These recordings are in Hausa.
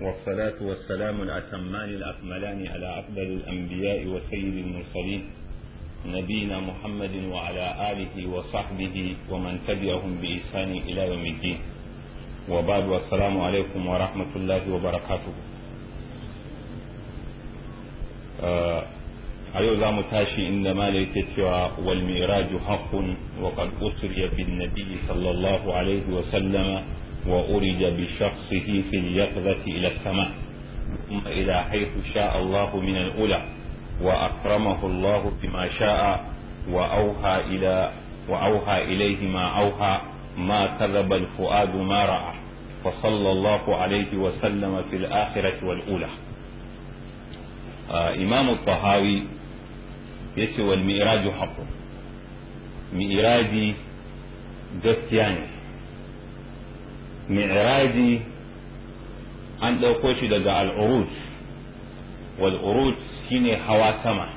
والصلاة والسلام الأتمان الأكملان على أفضل الأنبياء وسيد المرسلين نبينا محمد وعلى آله وصحبه ومن تبعهم بإحسان إلى يوم الدين وبعد والسلام عليكم ورحمة الله وبركاته أيوة زام تاشي إنما ليتتوى والميراج حق وقد أسري بالنبي صلى الله عليه وسلم وأرج بشخصه في اليقظة إلى السماء ثم إلى حيث شاء الله من الأولى وأكرمه الله بما شاء وأوحى إلى وأوحى إليه ما أوحى ما كذب الفؤاد ما رأى وصلى الله عليه وسلم في الآخرة والأولى آه إمام الطهاوي يسوى المئراج حقه مئراجي جسياني mi'raji an ɗauko shi daga al'urut wal'urut shine hawa sama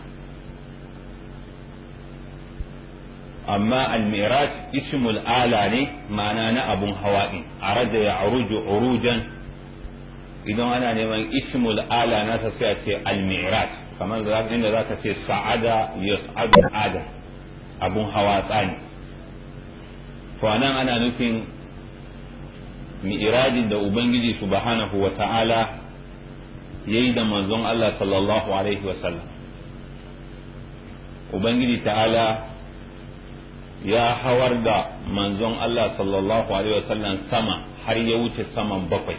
amma al-mi'raj ismul ala ne ma'ana na abun hawa din araja ya aruju urujan idan ana neman ismul ala na ta sai a ce al-mi'raj kamar da inda zaka ce sa'ada yas'adu ada abun hawa tsani to anan ana nufin iradin da ubangiji subhanahu wa ta'ala yayi da manzon Allah sallallahu alaihi wa sallam ubangiji ta'ala ya hawar da manzon Allah sallallahu alaihi wa sallam sama har ya wuce saman bakwai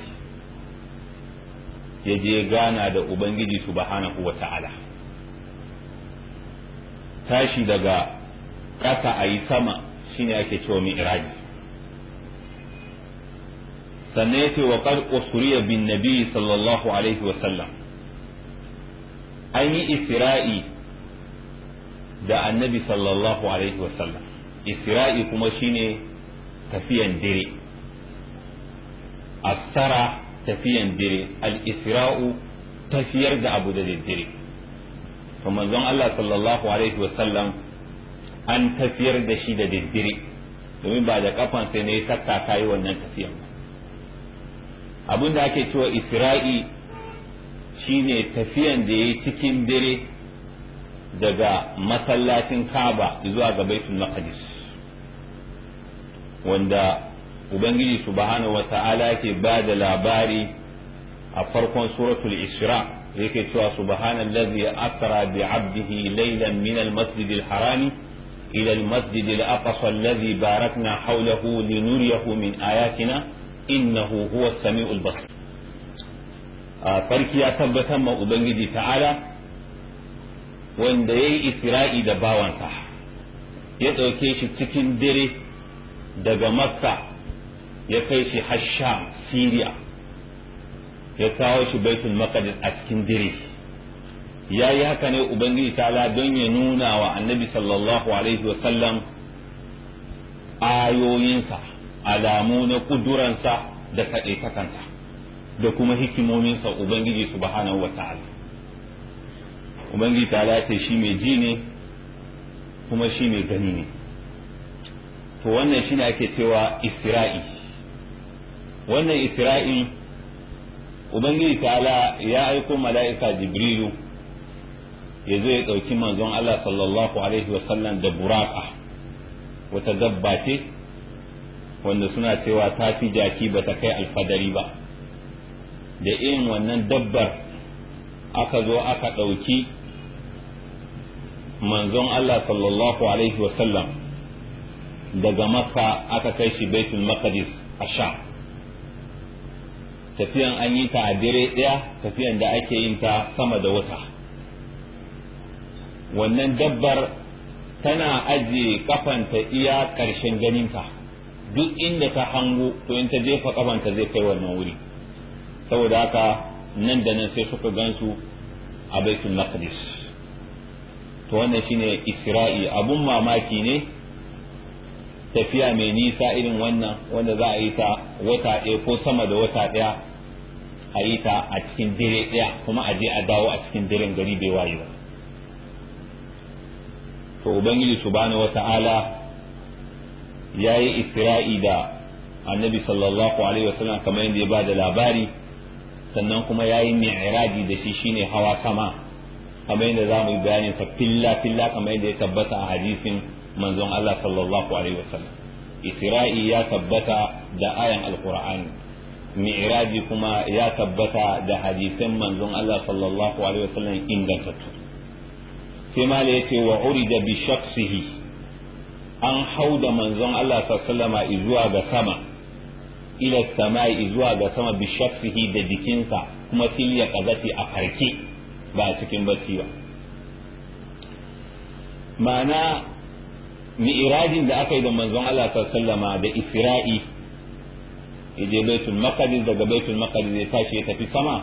ya je gana da ubangiji subhanahu wa ta'ala tashi daga ƙasa a yi sama shine ake cewa mi'raji sannan yace wa qad usriya bin nabi sallallahu alaihi wa sallam an yi isra'i da annabi sallallahu alaihi wa sallam isra'i kuma shine tafiyan dire asara tafiyan dire al-isra'u tafiyar da abu da dire to manzon Allah sallallahu alaihi wa sallam an tafiyar da shi da dire domin ba da kafan sai ne sakka kai wannan tafiyan ba abin da ake cewa isra'i shine tafiyan da ya yi cikin dare daga masallacin kaba zuwa ga baitul maqdis wanda ubangiji subhanahu wata'ala yake ba da labari a farkon suratul isra yake cewa subhanallazi asra bi 'abdihi laylan min al-masjidil harami ila al-masjidil aqsa alladhi barakna hawlahu linuriyahu min ayatina innahu huwa sami'ul basir a farki ya tabbatar ma ubangiji ta'ala wanda yayi isra'i da bawansa ya ɗauke shi cikin dare daga makka ya kai shi hasham siriya ya kawo shi baitul maqdis a cikin dare ya yi haka ne ubangiji ta'ala don ya nuna wa annabi sallallahu alaihi wasallam ayoyinsa alamu na kuduransa da kaɗaitakansa da kuma hikimominsa ubangiji subhanahu wa ta'ala ubangiji ta ce shi mai ji ne kuma shi mai gani ne to wannan shine ake cewa isra'i wannan isra'i ubangiji ta'ala ya aiko mala'ika jibrilu ya zo ya ɗauki manzon Allah sallallahu alaihi wasallam da buraka wata dabba ce wanda suna cewa ta fi jaki ba ta kai alfadari ba da irin wannan dabbar aka zo aka ɗauki manzon Allah sallallahu alaihi wasallam daga maka aka kai shi baitul maqdis a sha tafiyan an yi ta a dire ɗaya tafiyan da ake yin ta sama da wata wannan dabbar tana ajiye kafanta iya ƙarshen ganinta duk inda ta hango to in ta jefa kafanta zai kai wannan wuri saboda haka nan da nan sai suka gansu a baitul maqdis to wannan shine isra'i abun mamaki ne tafiya mai nisa irin wannan wanda za a yi ta wata ɗaya ko sama da wata ɗaya a yi ta a cikin dare ɗaya kuma a je a dawo a cikin diren gari bai waye ba to ubangiji subhanahu wata'ala ya yi isra'i da annabi sallallahu alaihi wasallam kamar yadda ya ba da labari sannan kuma ya yi mi'raji da shi shine hawa sama kamar yadda za mu yi bayanin sa filla filla kamar yadda ya tabbata a hadisin manzon Allah sallallahu alaihi wasallam isra'i ya tabbata da ayan alqur'ani mi'raji kuma ya tabbata da hadisin manzon Allah sallallahu alaihi wasallam ingantattu sai ma yace wa urida bi shakhsihi an hau da manzon Allah sallama zuwa ga sama ila sama'i zuwa ga sama bi shafihi da jikinsa kuma filya kazati a farke ba a cikin bacci ba ma'ana mi'irajin da aka yi da manzon Allah sallama da isra'i yaje baitul maqdis daga baitul maqdis ya tashi ya tafi sama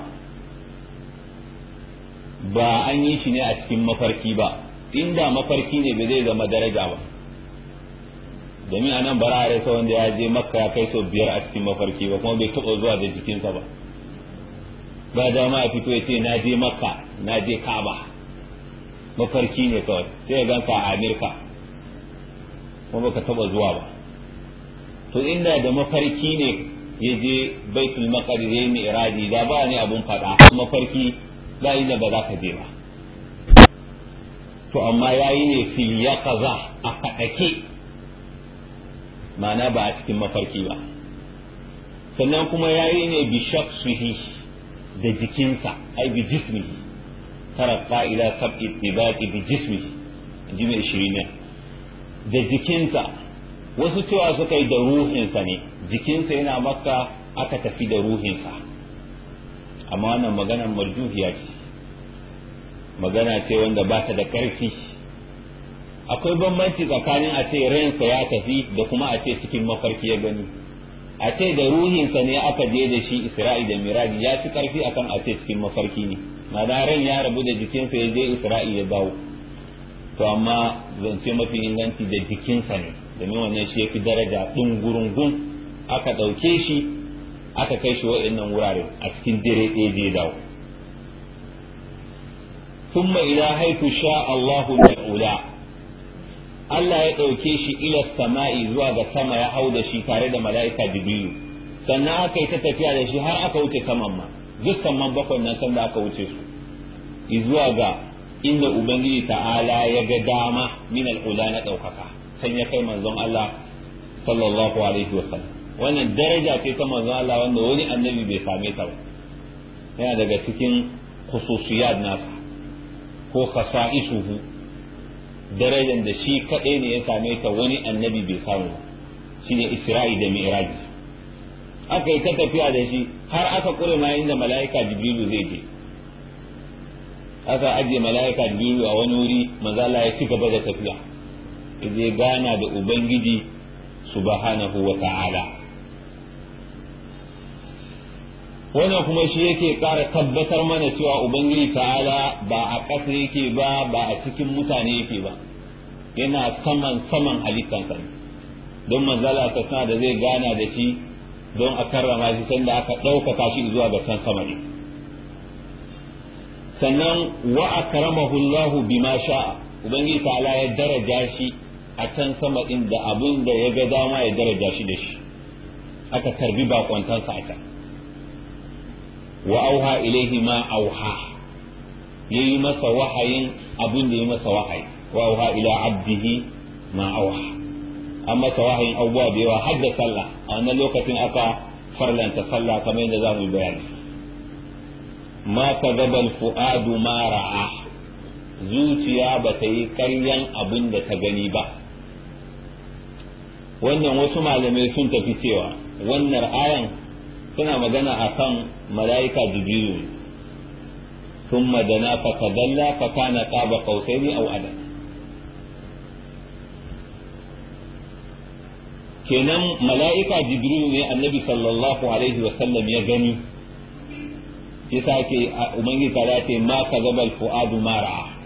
ba an yi shi ne a cikin mafarki ba inda mafarki ne ba zai zama daraja ba domin a nan bara a rasa wanda ya je makka ya kai sau biyar a cikin mafarki ba kuma bai taɓa zuwa da jikinsa ba ba dama a fito ya ce na je makka na je kaba mafarki ne kawai sai ya ganka a amirka kuma baka taɓa zuwa ba to inda da mafarki ne ya je baitul maqdis ya yi iradi da ba ne abun faɗa mafarki ba inda ba za ka je ba to amma yayi ne fil kaza a kaɗake ma'ana ba a cikin mafarki ba sannan kuma ya yi ne bi shaksuhi da jikinsa ai bi jismihi tarafa ila sab'i tibati bi jismihi ji mai ne. da jikinsa wasu cewa suka yi da ruhinsa ne jikinsa yana makka aka tafi da ruhinsa amma wannan maganar marjuhiya ce magana ce wanda ba ta da ƙarfi akwai bambanci tsakanin a ce ransa ya tafi da kuma a ce cikin mafarki ya gani a ce da ruhinsa ne aka je da shi isra'i da miraji ya fi karfi akan a ce cikin mafarki ne ma'ana ran ya rabu da jikinsa ya je isra'i ya dawo to amma zance mafi inganci da jikinsa ne domin wannan shi ya fi daraja ɗin gurungun aka ɗauke shi aka kai shi waɗannan wurare a cikin dire ɗaya je dawo ثم إذا حيث شاء الله من Allah ya ɗauke shi ila sama'i zuwa ga sama ya hau da shi tare da mala'ika biyu sannan aka yi ta tafiya da shi har aka wuce saman ma duk saman bakwai nan sanda aka wuce su zuwa ga inda ubangiji ta'ala ya ga dama min al'ula na ɗaukaka san ya kai manzon Allah sallallahu alaihi wa sallam wannan daraja ce ta manzon Allah wanda wani annabi bai same ta ba yana daga cikin khususiyat nasa ko khasa'isuhu darajar da shi kaɗai ne ya same ta wani annabi bai samu shi ne isra'i da mi'raji aka yi ta tafiya da shi har aka kure ma inda mala'ika jibrilu zai je aka ajiye mala'ika jibrilu a wani wuri mazala ya ci gaba da tafiya zai gana da ubangiji subhanahu wa ta'ala wannan kuma shi yake ƙara tabbatar mana cewa ubangiji ta'ala ba a ƙasa yake ba ba a cikin mutane yake ba yana saman saman halittansa ne don manzala ta sa da zai gana da shi don a karrama shi sanda aka ɗaukaka shi zuwa ga can sama ne sannan wa akramahu Allah bima sha'a ubangiji ta'ala ya daraja shi a can sama din da abun da ya ga dama ya daraja shi da shi aka karbi bakontansa a can wa auha ilaihi ma auha yayi masa wahayin abin da ya masa wahayi wa auha ila abdihi ma auha an masa wahayin abubuwa da yawa har da sallah a wannan lokacin aka farlanta sallah kamar yadda za mu yi bayani ma fuadu ma ra'a zuciya ba ta yi karyan abin da ta gani ba wannan wasu malamai sun tafi cewa wannan ayan suna magana a kan mala'ika jibrilu thumma dana fa tadalla na ƙaba qaba qausaini a adad kenan mala'ika Jibiru ne annabi sallallahu alaihi wa sallam ya gani yasa ke umarni ta ce ma ka al-fuadu Mara.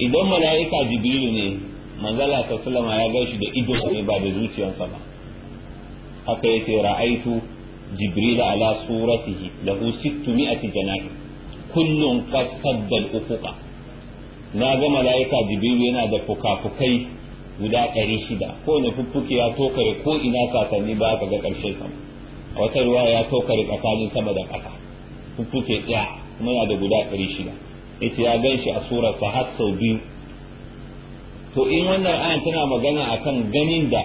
idan mala'ika Jibiru ne manzala ta sallama ya gaishe da ido ne ba da zuciyarsa ba haka yake ra'aitu جبريل على صورته له ستمائة جناح كل قد سد الأفق na ga mala’ika jibiru yana da fuka-fukai guda ɗari shida ko na fuffuki ya tokare ko ina kasanni ba ka ga ƙarshe sama a wata ruwa ya tokare tsakanin sama da ƙasa fuffuke ɗaya kuma da guda ɗari shida yace ya gan shi a surar sahat sau biyu to in wannan ayan tana magana akan ganin da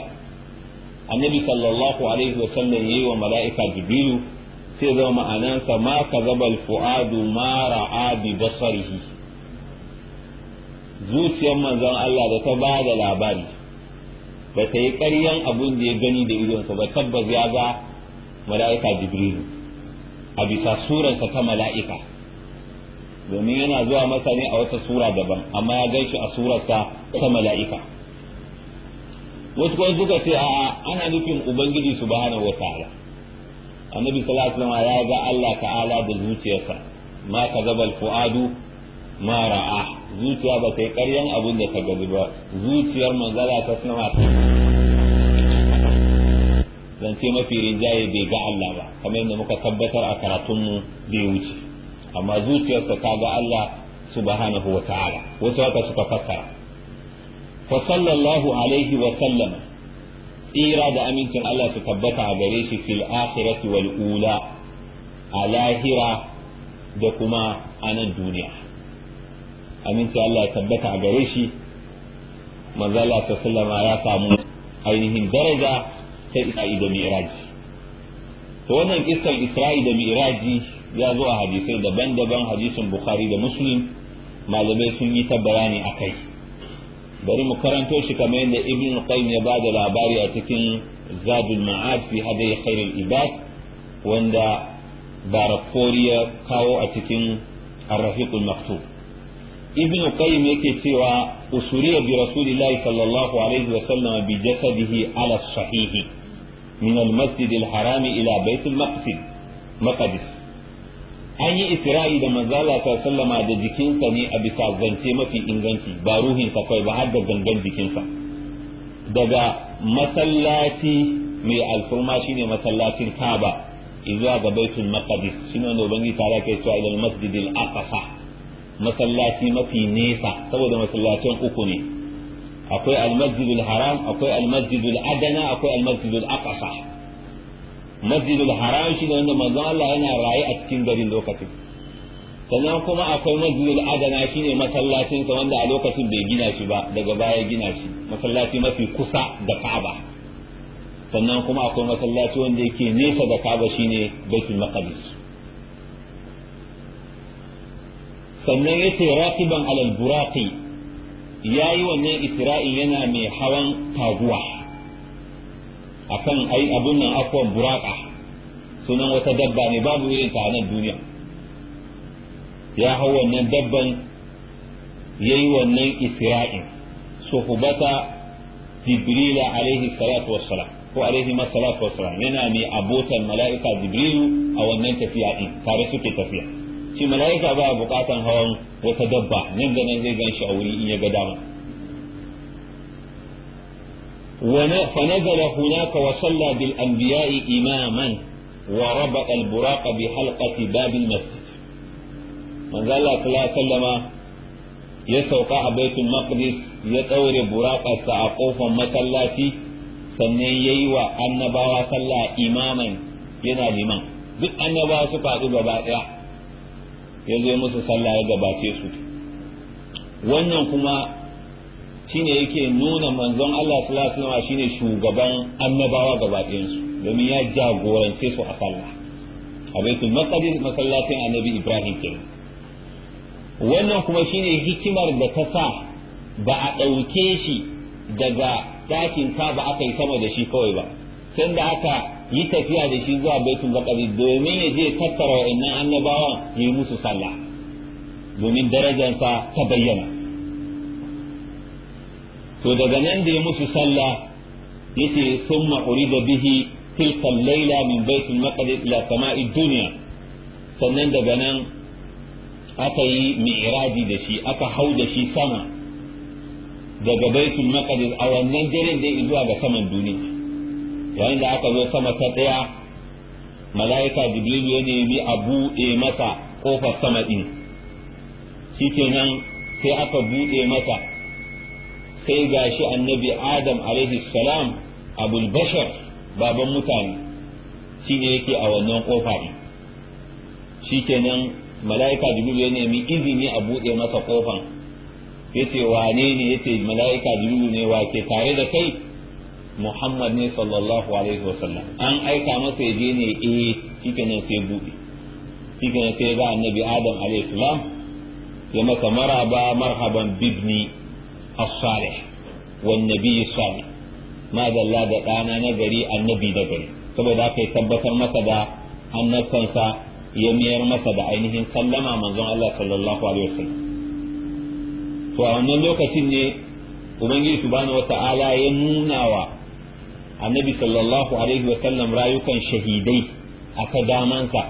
annabi sallallahu alaihi wa sallam yayi wa mala'ika jibrilu sai zama ma'anansa ma kazaba fuadu ma ra'a bi basarihi zuciyar manzon Allah da ta ba da labari ba ta yi ƙaryan abun da ya gani da idonsa ba tabbas ya ga mala'ika jibrilu a bisa surarsa ta mala'ika domin yana zuwa masa ne a wata sura daban amma ya gan shi a surarsa ta mala'ika wasu kuma suka ce a'a ana nufin ubangiji subhanahu wataala annabi sallallahu alaihi wasallam ya ga Allah ta'ala da zuciyarsa ma kazabal fuadu ma ra'a zuciya ba kai ƙaryan abin da ta gazi ba zuciyar manzala ta sanawa ta zance mafi rinjaye bai ga Allah ba kamar yadda muka tabbatar a karatunmu bai wuce amma zuciyarsa ta ga Allah subhanahu wa ta'ala wasu haka suka fassara fa sallallahu alaihi wa sallam tsira da amincin Allah su tabbata a gare shi fil akhirati wal ula a lahira da kuma a nan duniya amincin Allah ya tabbata a gare shi manzo Allah sallama ya samu ainihin daraja ta Isra'i da Mi'raji to wannan kisar Isra'i da Mi'raji ya zo a hadisai daban-daban hadisin Bukhari da Muslim malamai sun yi ta bayani akai bari mu karanto shi kamar yadda ibn qayyim ya bada labari a cikin zadul ma'ad fi hadai khairul ibad wanda barakori ya kawo a cikin arrafiqul maktub ibn qayyim yake cewa usuriya bi rasulillahi sallallahu alaihi wa sallam bi jasadihi ala sahihi min al-masjid al-haram ila bait al-maqdis an yi isra'i da manzala ta sallama da jikinsa ne a bisa zance mafi inganci ba ruhinsa kai ba har da gangan jikinsa daga masallaci mai alfurma shine masallacin kaba izuwa ga baitul maqdis shine wanda ubangi tare kai cewa ila masjidil aqsa masallaci mafi nesa saboda masallacin uku ne akwai almasjidul haram akwai almasjidul adana akwai almasjidul aqsa masjidul haram shi ne wanda manzo Allah yana raye a cikin garin lokacin sannan kuma akwai masjidul adana shine masallacin sa wanda a lokacin bai gina shi ba daga baya gina shi masallaci mafi kusa da Ka'aba sannan kuma akwai masallaci wanda yake nesa da Ka'aba shine Baitul Maqdis sannan yace raqiban alal buraqi yayi wannan isra'i yana mai hawan taguwa akan ai abun nan akwan buraka sunan wata dabba ne babu irin ta nan duniya ya hau wannan dabban yayi wannan isra'in suhubata jibrila alaihi salatu wassalam ko alaihi masalatu wassalam yana ne abotan mala'ika jibrilu a wannan tafiya din tare suke tafiya shi mala'ika ba bukatan hawan wata dabba nan da zai ganshi a wuri in ya ga dama فنزل هناك وصلى بالأنبياء إماما وربط البراق بحلقة باب المسجد من قال الله صلى الله عليه وسلم يسوق بيت المقدس يطور براق سعقوف مسلاتي sannan ya yi wa annabawa sallah imaman yana liman duk annabawa su faɗi gaba ɗaya ya zo musu sallah ya gabace su wannan kuma shine yake nuna manzon Allah sallallahu alaihi wasallam shine shugaban annabawa gaba su domin ya jagorance su a sallah a baitul maqdis masallacin annabi Ibrahim kenan wannan kuma shine hikimar da ta sa ba a ɗauke shi daga dakin ka ba aka yi sama da shi kawai ba da aka yi tafiya da shi zuwa baitul maqdis domin ya je tattara wa'annan annabawa yi musu sallah domin darajarsa ta bayyana to daga nan da ya musu sallah yace summa urida bihi tilka Layla min baitul maqdis ila sama'i dunya sannan daga nan aka yi mi'raji da shi aka hau da shi sama daga baitul maqdis a wannan daren da zuwa ga saman duniya yayin da aka zo sama ta daya mala'ika jibril ya nemi a buɗe masa kofar sama din shikenan sai aka buɗe masa sai gashi annabi adam alaihi salam abul bashar baban mutane shine yake a wannan kofa ne kenan mala'ika jibril ya nemi izini a buɗe masa kofan yace wane ne yace mala'ika jibril ne wa ke tare da kai muhammad ne sallallahu alaihi wasallam an aika masa ya je ne eh kenan sai buɗe kenan sai ga annabi adam alaihi salam ya masa maraba marhaban bibni as-salih wan nabiy salih ma da ɗana na gari annabi da gari saboda haka ya tabbatar masa da annabtansa ya miyar masa da ainihin sallama manzon Allah sallallahu alaihi wasallam to a wannan lokacin ne ubangiji subhanahu ya nuna wa annabi sallallahu alaihi wasallam rayukan shahidai a ta damansa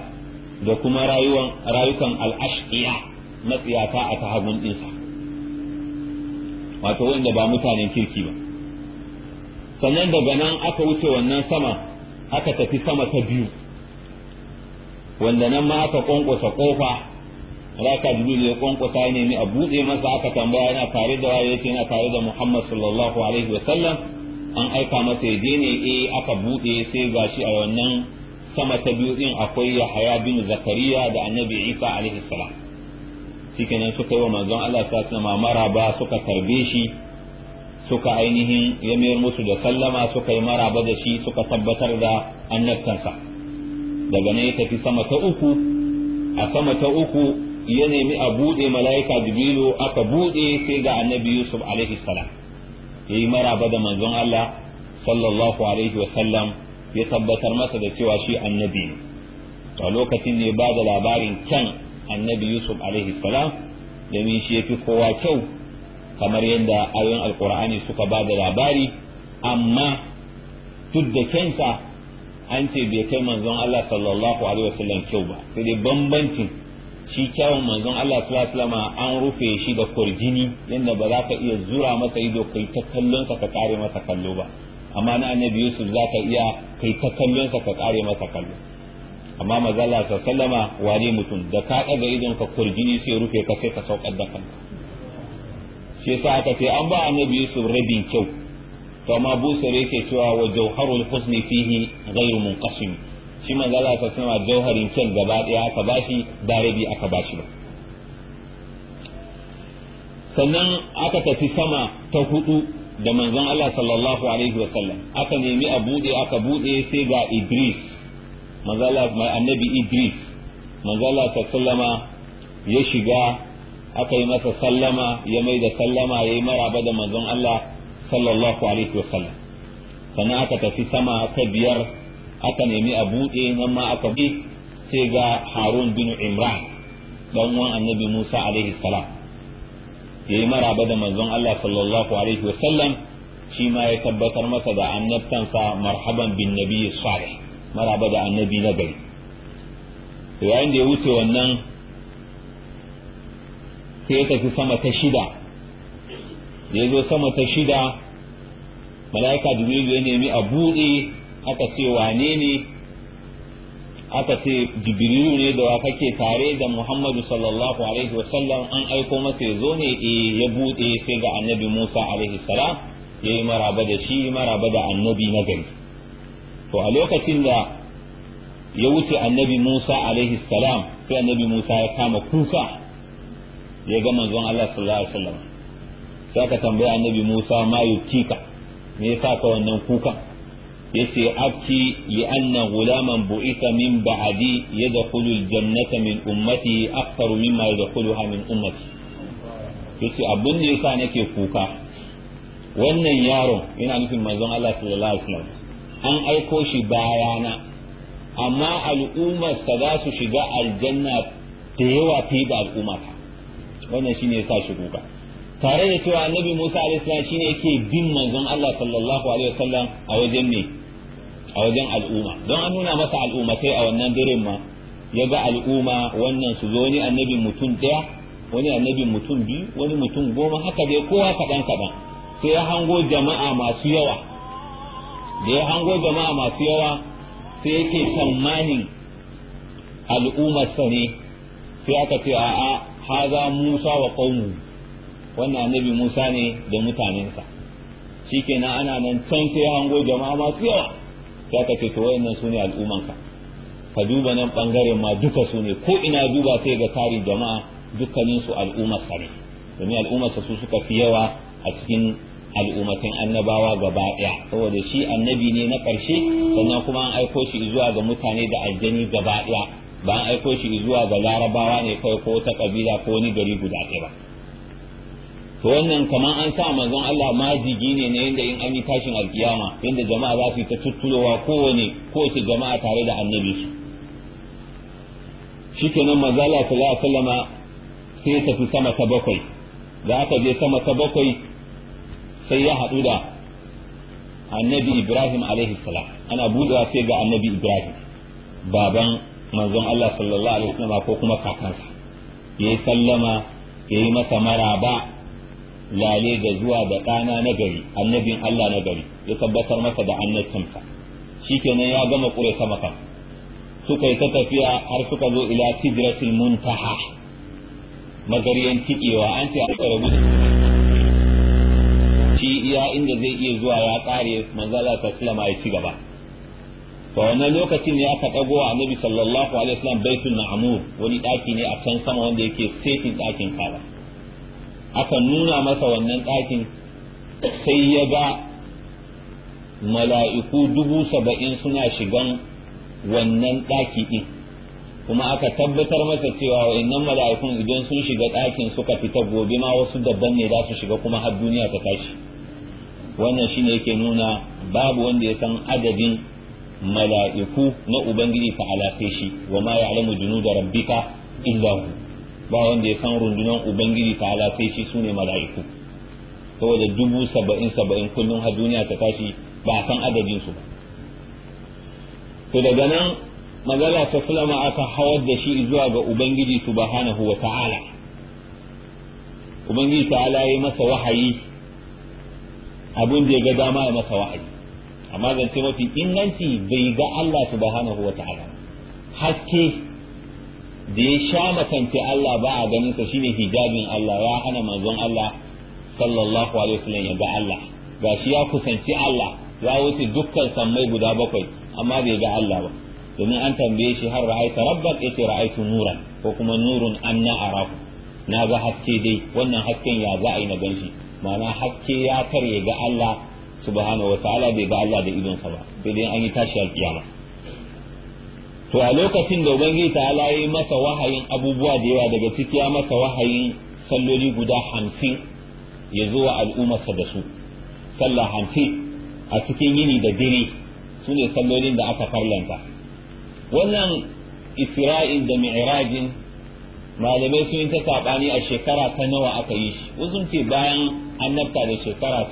da kuma rayukan al'ashiya matsiyata a ta hagun ɗinsa wato wanda ba mutanen kirki ba sannan daga nan aka wuce wannan sama aka tafi sama ta biyu wanda nan ma aka kwankwasa kofa raka jibril ya kwankwasa ne ne a buɗe masa aka tambaya yana tare da waye yake yana tare da muhammad sallallahu alaihi wa sallam an aika masa ya ne eh aka buɗe sai gashi a wannan sama ta biyu din akwai yahaya bin zakariya da annabi isa alaihi salam shikenan suka yi wa manzon Allah sa sama maraba suka tarbe shi suka ainihin ya mayar musu da sallama suka yi maraba da shi suka tabbatar da annabtansa daga nan ya tafi sama ta uku a sama ta uku ya nemi a buɗe mala'ika jibrilu aka buɗe sai ga annabi yusuf alaihi salam ya yi maraba da manzon Allah sallallahu alaihi wasallam ya tabbatar masa da cewa shi annabi ne a lokacin ne ba da labarin kyan annabi yusuf alaihi salam domin shi yafi kowa kyau kamar yadda ayoyin alkur'ani suka ba da labari amma duk da kyansa an ce bai kai manzon Allah sallallahu alaihi wasallam kyau ba sai dai bambancin shi kyawun manzon Allah sallallahu alaihi an rufe shi da kurjini yadda ba za ka iya zura masa ido kai ta kallonsa ka kare masa kallo ba amma na annabi Yusuf za ka iya kai ta kallonsa ka kare masa kallo amma mazala ta sallama ware mutum da ka ɗaga idon ka kurjini sai rufe ka sai ka saukar da kanka shi yasa aka ce an ba annabi Yusuf rabin kyau to amma busare yake cewa wa jawharul husni fihi ghairu munqasim shi mazala ta sallama jawharin kyan gaba ɗaya aka bashi da rabi aka bashi ba sannan aka tafi sama ta hudu da manzon Allah sallallahu alaihi sallam aka nemi a buɗe aka buɗe sai ga Idris manzala mai annabi idris manzala ta sallama ya shiga aka yi masa sallama ya mai da sallama ya yi maraba da manzon Allah sallallahu alaihi wasallam sannan aka tafi sama ta biyar aka nemi a buɗe nan ma aka bi sai ga harun bin imran dan uwan annabi musa alaihi salam ya yi maraba da manzon Allah sallallahu alaihi wasallam shi ma ya tabbatar masa da annabtansa marhaban bin nabi salih maraba da annabi na gari yayin da ya wuce wannan sai ya tafi sama ta shida ya zo sama ta shida mala'ika jibrilu ya nemi a buɗe aka ce wane ne aka ce jibrilu ne da wa kake tare da muhammadu sallallahu alaihi wasallam an aiko masa ya zo ne eh, ya buɗe sai ga annabi musa alaihi salam ya yi maraba da shi maraba da annabi na gari to a lokacin da ya wuce annabi Musa alaihi salam sai annabi Musa ya kama kuka ya ga manzon Allah sallallahu alaihi wasallam sai aka tambaya annabi Musa ma yutika me yasa ka wannan kuka yace abki li anna gulaman bu'ita min ba'di yadkhulu al-jannata min ummati akthar mimma yadkhuluha min ummati yace abun da yasa nake kuka wannan yaron yana nufin manzon Allah sallallahu alaihi wasallam an aiko shi bayana amma al'ummarsa za su shiga aljanna da yawa fiye da al'ummata wannan shi ne sa shi kuka tare da cewa annabi Musa alaihi shi ne yake bin manzon Allah sallallahu alaihi wasallam a wajen ne a wajen al'umma don an nuna masa al'ummatai a wannan dare ma ya ga al'umma wannan su zo ne annabi mutum daya wani annabi mutum biyu wani mutum goma haka dai kowa kaɗan kaɗan sai ya hango jama'a masu yawa da ya hango jama'a masu yawa sai yake tsammanin al'ummarsa ne sai aka ce a'a haza musa wa qaumu wannan annabi musa ne da mutanensa na ana nan can sai ya hango jama'a masu yawa sai aka ce to wayannan su ne al'ummarka ka duba nan bangaren ma duka su ne ko ina duba sai ga tarin jama'a dukkaninsu al'ummarsa ne domin al'ummarsa su suka fi yawa a cikin al'ummatan annabawa gaba ɗaya saboda shi annabi ne na ƙarshe sannan kuma an aiko shi zuwa ga mutane da aljani gaba ɗaya ba an aiko shi zuwa ga larabawa ne kai ko ta ƙabila ko wani gari guda ɗaya ba to wannan kamar an sa manzon Allah majigi ne ne yanda in an yi tashin alkiyama yanda jama'a za su yi ta tuttulowa kowane kowace jama'a tare da annabi su shikenan manzo sallallahu alaihi wasallama sai ya tafi sama ta bakwai da aka je sama ta bakwai sai ya haɗu da annabi ibrahim alaihi salam ana buɗewa sai ga annabi ibrahim baban manzon allah sallallahu alaihi wasallam ko kuma kakansa ya yi sallama ya yi masa maraba lale da zuwa da ɗana na gari annabin allah na gari ya tabbatar masa da annabcinsa shikenan ya gama ƙure sama kan suka yi ta tafiya har suka zo ila tijratul muntaha magariyan tikewa an ce a rabu da shi iya inda zai iya zuwa ya kare Manzala, Allah sallama ya ci gaba to wannan lokacin ne aka dago annabi sallallahu alaihi wasallam baitul ma'mur wani daki ne a can sama wanda yake setin dakin kaba aka nuna masa wannan dakin sai ya ga mala'iku dubu saba'in suna shigan wannan daki din kuma aka tabbatar masa cewa waannan mala'ikun idan sun shiga ɗakin suka fita gobe ma wasu dabban ne za su shiga kuma har duniya ta tashi wannan shine yake nuna babu wanda ya san adadin mala'iku na ubangiji ta alafe shi wa ma ya'lamu junuda rabbika illa hu ba wanda ya san rundunar ubangiji ta alafe shi sune mala'iku da dubu saba'in saba'in kullum har duniya ta tashi ba san adadin su ba to daga nan magana ta sulama aka hawar da shi zuwa ga ubangiji subhanahu wa ta'ala ubangiji ta ya masa wahayi abin da ya ga dama ya masa wahayi amma zance mafi inganci bai ga Allah subhanahu wa ta'ala haske da ya sha makance Allah ba a ganin sa shine hijabin Allah ya hana manzon Allah sallallahu alaihi wasallam ya ga Allah shi ya kusanci Allah ya wuce dukkan sammai guda bakwai amma bai ga Allah ba domin an tambaye shi har ra'aita rabbak yace ra'aitu nuran ko kuma nurun anna araku na ga haske dai wannan hasken ya za a yi na ganshi ma'ana hakke ya karye ga Allah subhanahu wataala bai ga Allah da idonsa ba sai dai an yi tashi alƙiyama to a lokacin da ubangiji ta yi masa wahayin abubuwa da yawa daga ciki masa wahayin salloli guda hamsin ya zo wa al'ummarsa da su sallah hamsin a cikin yini da dare su ne sallolin da aka farlanta wannan isra'in da mi'rajin malamai sun yi ta saɓani a shekara ta nawa aka yi shi wasu ce bayan annabta da shekara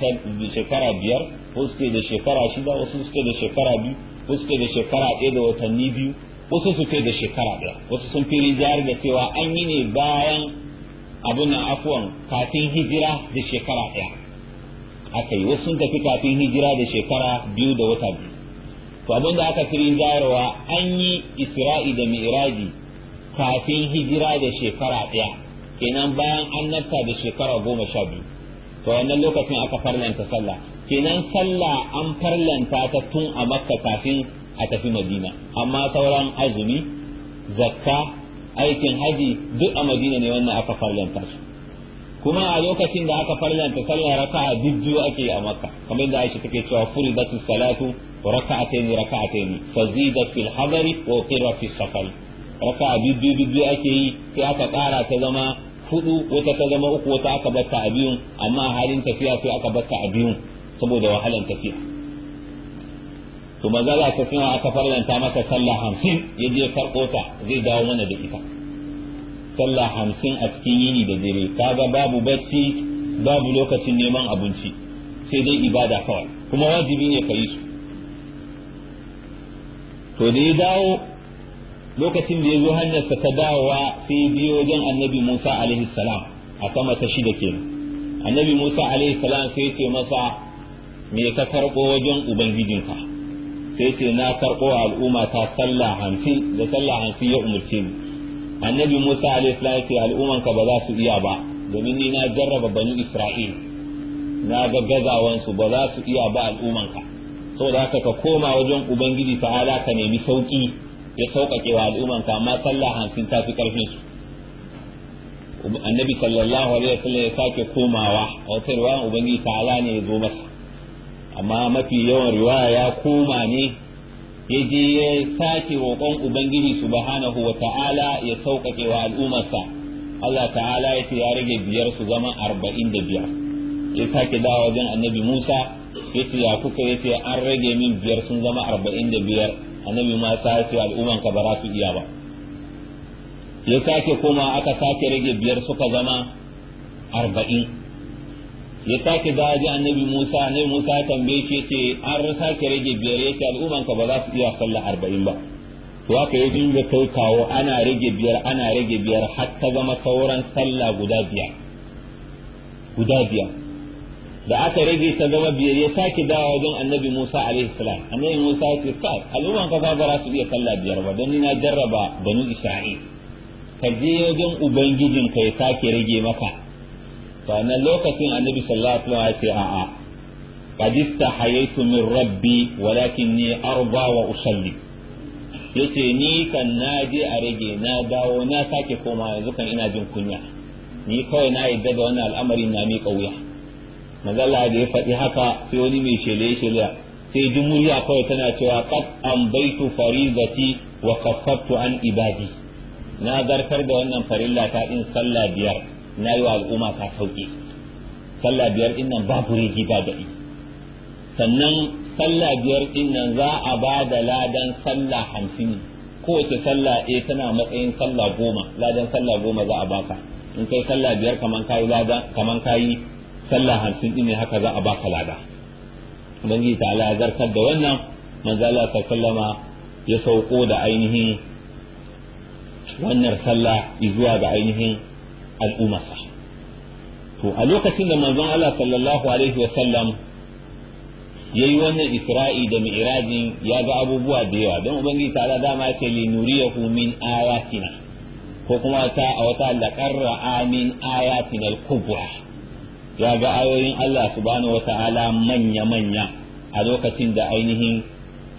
shekara biyar ko suke da shekara shida wasu suke da shekara biyu ko suke da shekara ɗaya da watanni biyu wasu suke da shekara ɗaya wasu sun fi rijiyar da cewa an yi ne bayan abin na afuwan kafin hijira da shekara ɗaya aka yi wasu sun tafi kafin hijira da shekara biyu da wata biyu to abin da aka fi rijiyarwa an yi isra'i da mi'raji kafin hijira da shekara ɗaya kenan bayan an annabta da shekara goma sha biyu to wannan lokacin aka farlanta sallah kenan sallah an farlanta ta tun a makka kafin a tafi madina amma sauran azumi zakka aikin haji duk a madina ne wannan aka farlanta su kuma a lokacin da aka farlanta sallah raka'a biyu ake a makka kamar da Aisha take cewa furidatu salatu raka'atayn raka'atayn fazidat fil hadari wa qira fi safar raka'a biyu biyu ake yi sai aka kara ta zama hudu wata ta zama uku wata aka batta a biyun amma a halin tafiya sai aka batta a biyun saboda wahalan tafiya to maza za ka suna aka farlanta masa sallah hamsin ya je karɓo ta zai dawo mana da ita sallah hamsin a cikin yini da dare ga babu bacci babu lokacin neman abinci sai dai ibada kawai kuma wajibi ne ka yi su to da ya dawo lokacin da ya zo hanyarsa ta dawowa sai biyo wajen annabi Musa alaihi salam a sama ta shida kenan annabi Musa alaihi salam sai ce masa me ka karɓo wajen ubangijinka sai ce na karɓo al'umma ta sallah hamsin da sallah hamsin ya umarce ni annabi Musa alaihi salam ce ka ba za su iya ba domin ni na jarraba bani Isra'il na ga gazawansu ba za su iya ba al'ummanka saboda haka ka koma wajen ubangiji ta'ala ka nemi sauki ya sauƙaƙe wa al'umman ka amma sallah hamsin ta fi ƙarfin su annabi sallallahu alaihi wasallam ya sake komawa a wata riwaya ubangiji ta'ala ne ya zo masa amma mafi yawan riwaya ya koma ne ya je ya sake roƙon ubangiji subhanahu wa ta'ala ya sauƙaƙe wa al'ummarsa Allah ta'ala ya ce ya rage biyar su zama arba'in da biyar ya sake dawa wajen annabi Musa ya ce ya kuka ya ce an rage min biyar sun zama arba'in da biyar annabi ma ya ce al'umman ka ba za su iya ba ya sake koma aka sake rage biyar suka zama arba'in ya sake da ji annabi musa annabi musa ya tambaye shi ce an sake rage biyar ya ce al'umman ka ba za su iya sallah arba'in ba to haka ya dinga kai kawo ana rage biyar ana rage biyar har ta zama sauran sallah guda biyar guda biyar da aka rage ta zama biyar ya sake dawa wajen annabi Musa alaihi salam annabi Musa ya ce kai al'umman ka ba za su iya kalla biyar ba don ni na jarraba banu Isra'il ka je wajen ubangijin ka ya sake rage maka to nan lokacin annabi sallallahu alaihi wasallam ya ce a'a qad istahaytu min rabbi walakinni arba wa usalli yace ni kan naje a rage na dawo na sake koma yanzu kan ina jin kunya ni kawai na yadda da wannan al'amari na miƙa wuya manzo da ya faɗi haka sai wani mai shele shele sai duk murya kawai tana cewa an baitu farizati wa kaffaftu an ibadi na garkar da wannan farilla ta ɗin sallah biyar na yi wa al'umma ta sauki sallah biyar din nan babu rigi ba daɗi sannan sallah biyar din nan za a ba da ladan sallah hamsin kowace sallah ɗaya eh, tana matsayin sallah goma ladan sallah goma za a baka in kai sallah biyar kaman kayi ladan kaman kayi sallah hamsin ɗin ne haka za a baka lada ubangiji ta ala zartar da wannan manzo Allah sallama ya sauko da ainihin wannan sallah zuwa ga ainihin al'ummarsa to a lokacin da manzon Allah sallallahu alaihi wa sallam ya yi wannan isra'i da mi'irajin ya ga abubuwa da yawa don ubangiji ta dama ce li nuriyahu min ayatina ko kuma ta a wata laqarra amin ayatina al-kubra ya ga ayoyin Allah subhanahu ta'ala manya-manya a lokacin da ainihin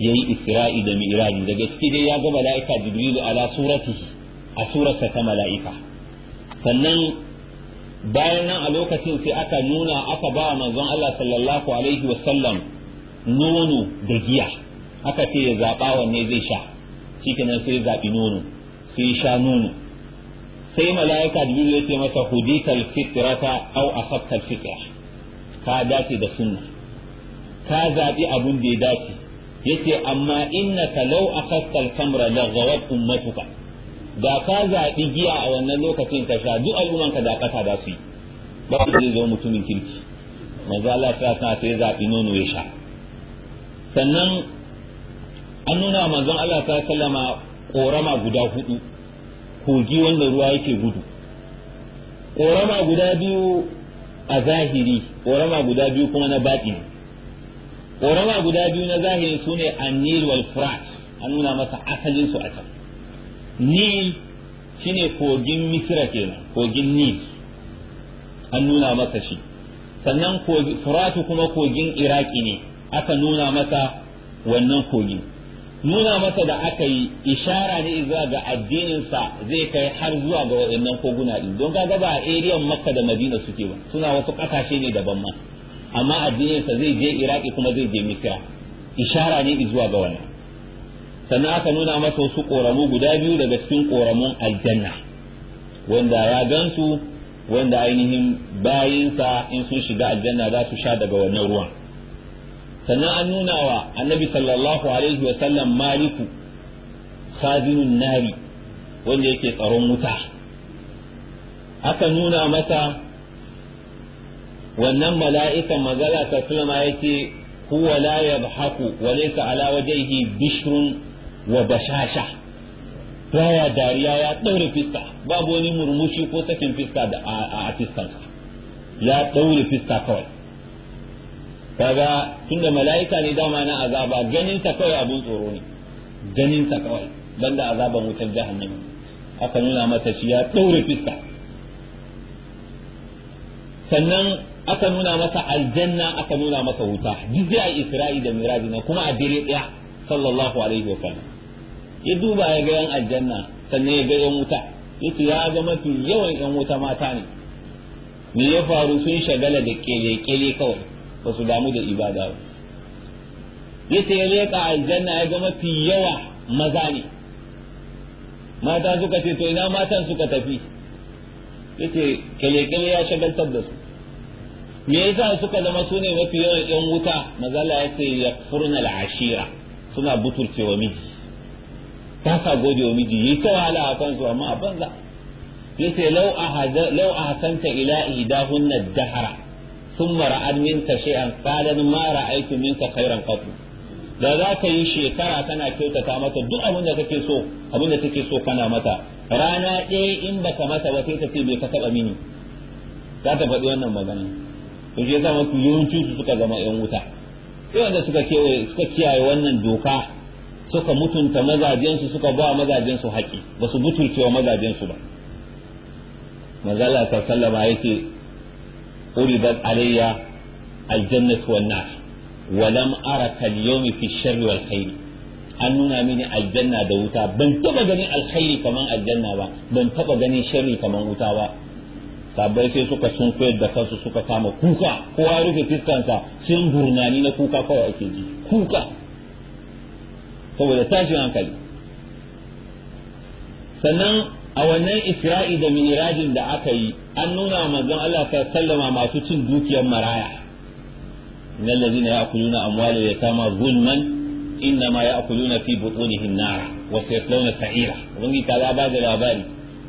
ya yi isra'i da mi'raji daga ciki dai ya ga mala'ika jibrilu ala suratihi a surarsa ta mala'ika sannan bayan nan a lokacin sai aka nuna aka ba manzon Allah sallallahu alaihi wasallam nono da giya aka ce ya zaɓa wanne zai sha shi kenan sai zaɓi nono sai sha nono sai mala'ika da ya ce masa hudital fitrata au asabtal fitra ka dace da sunna ka zabi abun da ya dace yace amma innaka law akhadtal khamra la ghawat ummatuka da ka zabi giya a wannan lokacin ka sha duk al'umman ka da kasa da su ba ku zai zo mutumin kirki manzo Allah ta sa sai zabi nono ya sha sannan an nuna manzon Allah ta sallama korama guda hudu kogi wanda ruwa yake gudu ƙorama guda biyu a zahiri ƙorama guda biyu kuma na baɗi ƙorama guda biyu na zahiri su ne a wal frat an nuna masa asalin su a can nil shine kogin misira kenan kogin nil an nuna masa shi sannan furatu kuma kogin iraki ne aka nuna masa wannan kogin nuna masa da aka yi ishara ne zuwa ga addininsa zai kai har zuwa ga waɗannan koguna din don kaga ba a makka da madina suke ba suna wasu ƙasashe ne daban ma amma addininsa zai je iraki kuma zai je misira ishara ne zuwa ga wannan sannan aka nuna masa wasu ƙoramu guda biyu daga cikin ƙoramun aljanna wanda ya gansu wanda ainihin bayinsa in sun shiga aljanna za su sha daga wannan ruwan sannan an nuna wa annabi sallallahu alaihi wa sallam maliku khazinun nari wanda yake tsaron wuta aka nuna masa wannan mala'ikan magana ta sulama yake huwa la yabhaku wa laysa ala wajhihi bishrun wa bashasha baya dariya ya ɗaure fiska babu wani murmushi ko sakin fiska da a fiskansa ya ɗaure fiska kawai kaga tunda mala'ika ne dama na azaba ganin ta kawai abin tsoro ne ganin ta kawai banda azaban wutar jahannama aka nuna mata shi ya daure fiska sannan aka nuna masa aljanna aka nuna masa wuta duk zai a isra'i da miraji na kuma a dire daya sallallahu alaihi wa sallam ya duba ya ga yan aljanna sannan ya ga yan wuta yace ya ga mafi yawan yan wuta mata ne me ya faru sun shagala da kele kele kawai ba su damu da ibada ba yace ya leka aljanna ya ga mafi yawa maza ne mata suka ce to ina matan suka tafi yace kale-kale ya shagaltar da su me yasa suka zama su ne mafi yawan yan wuta maza mazala ya ce ya furna ashira suna buturce wa miji ta sa gode wa miji yi ta wahala a kansu amma a banza yace lau a hasanta ila na dahara ثم رأى منك شيئا قال ما رأيت منك خيرا قط da za ka yi shekara kana kyautata mata duk abin da kake so abin da take so kana mata rana ɗaya in baka mata ba sai ta ce bai ka taɓa mini za ta faɗi wannan magana to shi yasa mafi yawanci su suka zama ƴan wuta sai wanda suka kewaye suka kiyaye wannan doka suka mutunta mazajensu suka ba mazajensu haƙƙi ba su butulcewa mazajensu ba manzala ta sallama yake uridat alayya aljannatu wan walam wa lam fi sharri wal an nuna mini aljanna da wuta ban taba ganin alkhairi kaman aljanna ba ban taba ganin sharri kaman wuta ba sabai sai suka sun koyar da kansu suka kama kuka kowa rufe fiskansa sun gurnani na kuka kawai ake ji kuka saboda tashin hankali sannan a wannan isra'i da minirajin da aka yi an nuna manzon Allah ta sallama masu cin dukiyar maraya ya min allazina ya'kuluna amwala yatama zulman inna ma na fi butunihim wasu ya sayaslawna sa'ira ubangi ta ba da labari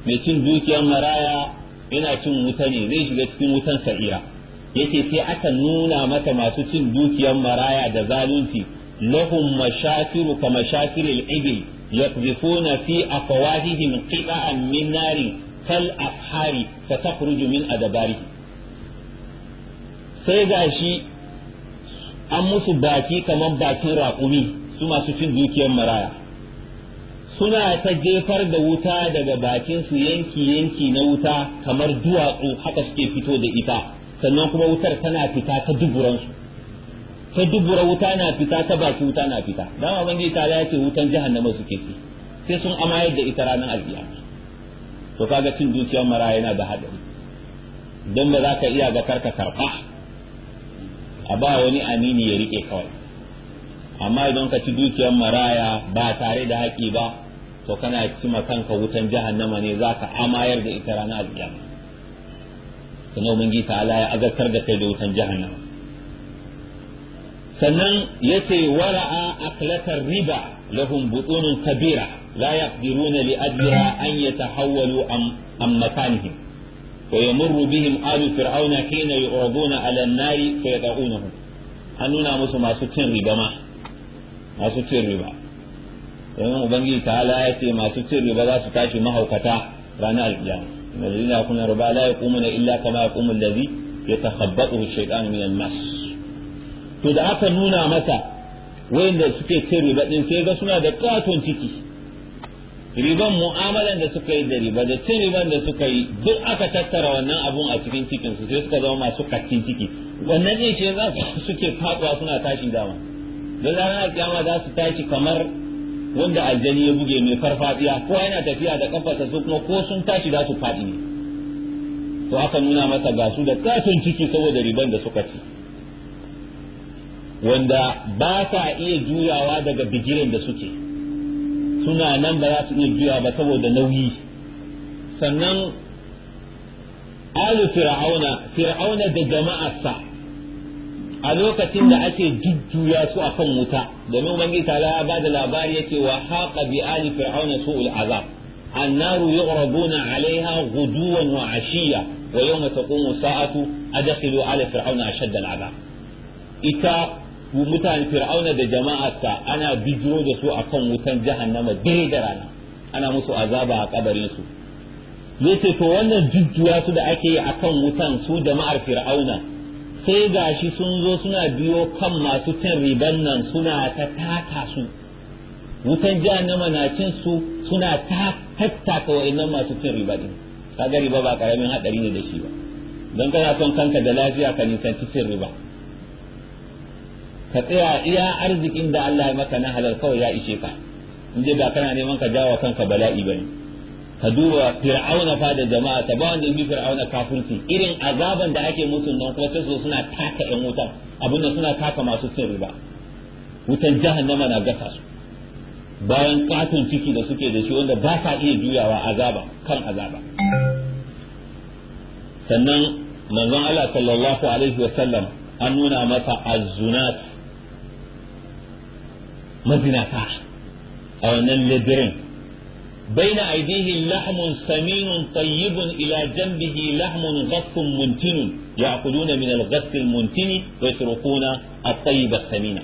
mai cin dukiyar maraya yana cin wuta ne zai shiga cikin wutan sa'ira yace sai aka nuna mata masu cin dukiyar maraya da zalunci lahum mashakiru kama shakiril ibil يقذفون في أفواههم قطعا من نار كالأفحار فتخرج من أدبارهم سيدا shi an musu baki kamar bakin raƙumi su masu cin dukiyar maraya suna ta jefar da wuta daga bakinsu yanki yanki na wuta kamar duwatsu haka suke fito da ita sannan kuma wutar tana fita ta duburansu ta dubura wuta na fita ta baki wuta na fita dan ubangiji ta ya ce wutan jahannama suke ci sai sun amayar da ita ranar alkiyama to kaga cin zuciyar mara yana da hadari don ba za ka iya ga karka karba a ba wani amini ya rike kawai amma idan ka ci dukiyar maraya ba tare da haƙi ba to kana cima kanka wutan jahannama ne za ka amayar da ita ranar alkiyama sannan ubangiji ta ya azartar da kai da wutan jahannama sannan ya ce wara akilatar riba lahum butunun kabira la ya ƙiru na li'adira an yi ta hawalu a makanihim ko ya murru bihim alu fir'auna ke na yi a lannari ko ya ɗa'una hu an nuna musu masu cin riba ma masu cin riba sannan ubangiji ta ala ya ce masu cin riba za su tashi mahaukata ranar alƙiyama inna lillahi wa inna ilaihi raji'un la yaqumuna illa kama yaqumul ladzi yatakhabbatu ash-shaytanu min al-mass to da aka nuna masa da suke cin riba sai ga suna da katon ciki riban mu'amalan da suka yi da riba da cin riban da suka yi duk aka tattara wannan abun a cikin cikin su sai suka zama masu katin ciki wannan ne shi za suke faɗuwa suna tashi dama da a kiyama za su tashi kamar wanda aljani ya buge mai farfadiya ko yana tafiya da kafarsa su kuma ko sun tashi za su faɗi ne to aka nuna masa gasu da katon ciki saboda riban da suka ci wanda ba sa iya juyawa daga bigiren da suke suna nan ba za su iya juya ba saboda nauyi sannan alu fir'auna fir'auna da jama'arsa a lokacin da ake jujjuya su a kan wuta domin ubangiji tala ya da labari yake wa haqa bi ali fir'auna su'ul azab annaru yu'raduna 'alayha ghuduwan wa 'ashiyya wa yawma taqumu sa'atu adkhilu ala fir'auna ashadda al'azab ita mutane fir'auna da jama'arsa ana bijiro da su akan wutan jahannama dare da rana ana musu azaba a kabarin su yace to wannan jujjuya su da ake yi akan wutan su jama'ar fir'auna sai gashi sun zo suna biyo kan masu cin riban nan suna ta taka su wutan jahannama na cin su suna ta tattaka wa'annan masu cin riba din kaga riba ba karamin hadari ne da shi ba don kana son kanka da lafiya ka nisanci cin riba ka tsaya iya arzikin da Allah ya maka na halal kawai ya ishe ka in dai ba kana neman ka jawo kanka bala'i bane ka duba fir'auna fa da jama'a ta ba wanda yi fir'auna kafirci irin azaban da ake musu nan kuma sai su suna taka yan wutan abin da suna taka masu cin riba wutan jahannama na gasa su bayan katon ciki da suke da shi wanda ba sa iya juyawa azaba kan azaba sannan manzon Allah sallallahu alaihi wa sallam an nuna masa azzunat mazinata a wannan labirin. baina aidihi lahmun saminun tayyibun ila jambihi lahmun ghaffun muntinun ya'kuluna min al-ghaff muntini wa yatrukuna at-tayyib samina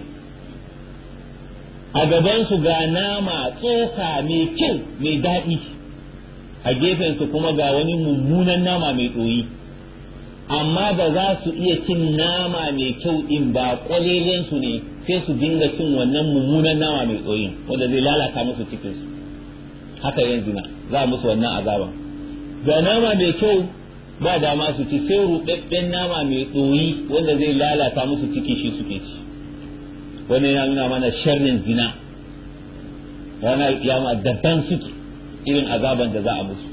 a gaban su ga nama tsoka mai kyau mai daɗi a gefen su kuma ga wani mummunan nama mai ɗoyi amma ba za su iya cin nama mai kyau in ba kwalelen su ne sai su dinga cin wannan mummunan nama mai tsoyin wanda zai lalata musu cikin su haka yanzu na za a musu wannan azaba ga nama mai kyau ba dama su ci sai rubabben nama mai tsoyi wanda zai lalata musu ciki shi suke ci wani ya nuna mana sharrin zina rana kiyama daban suke irin azaban da za a musu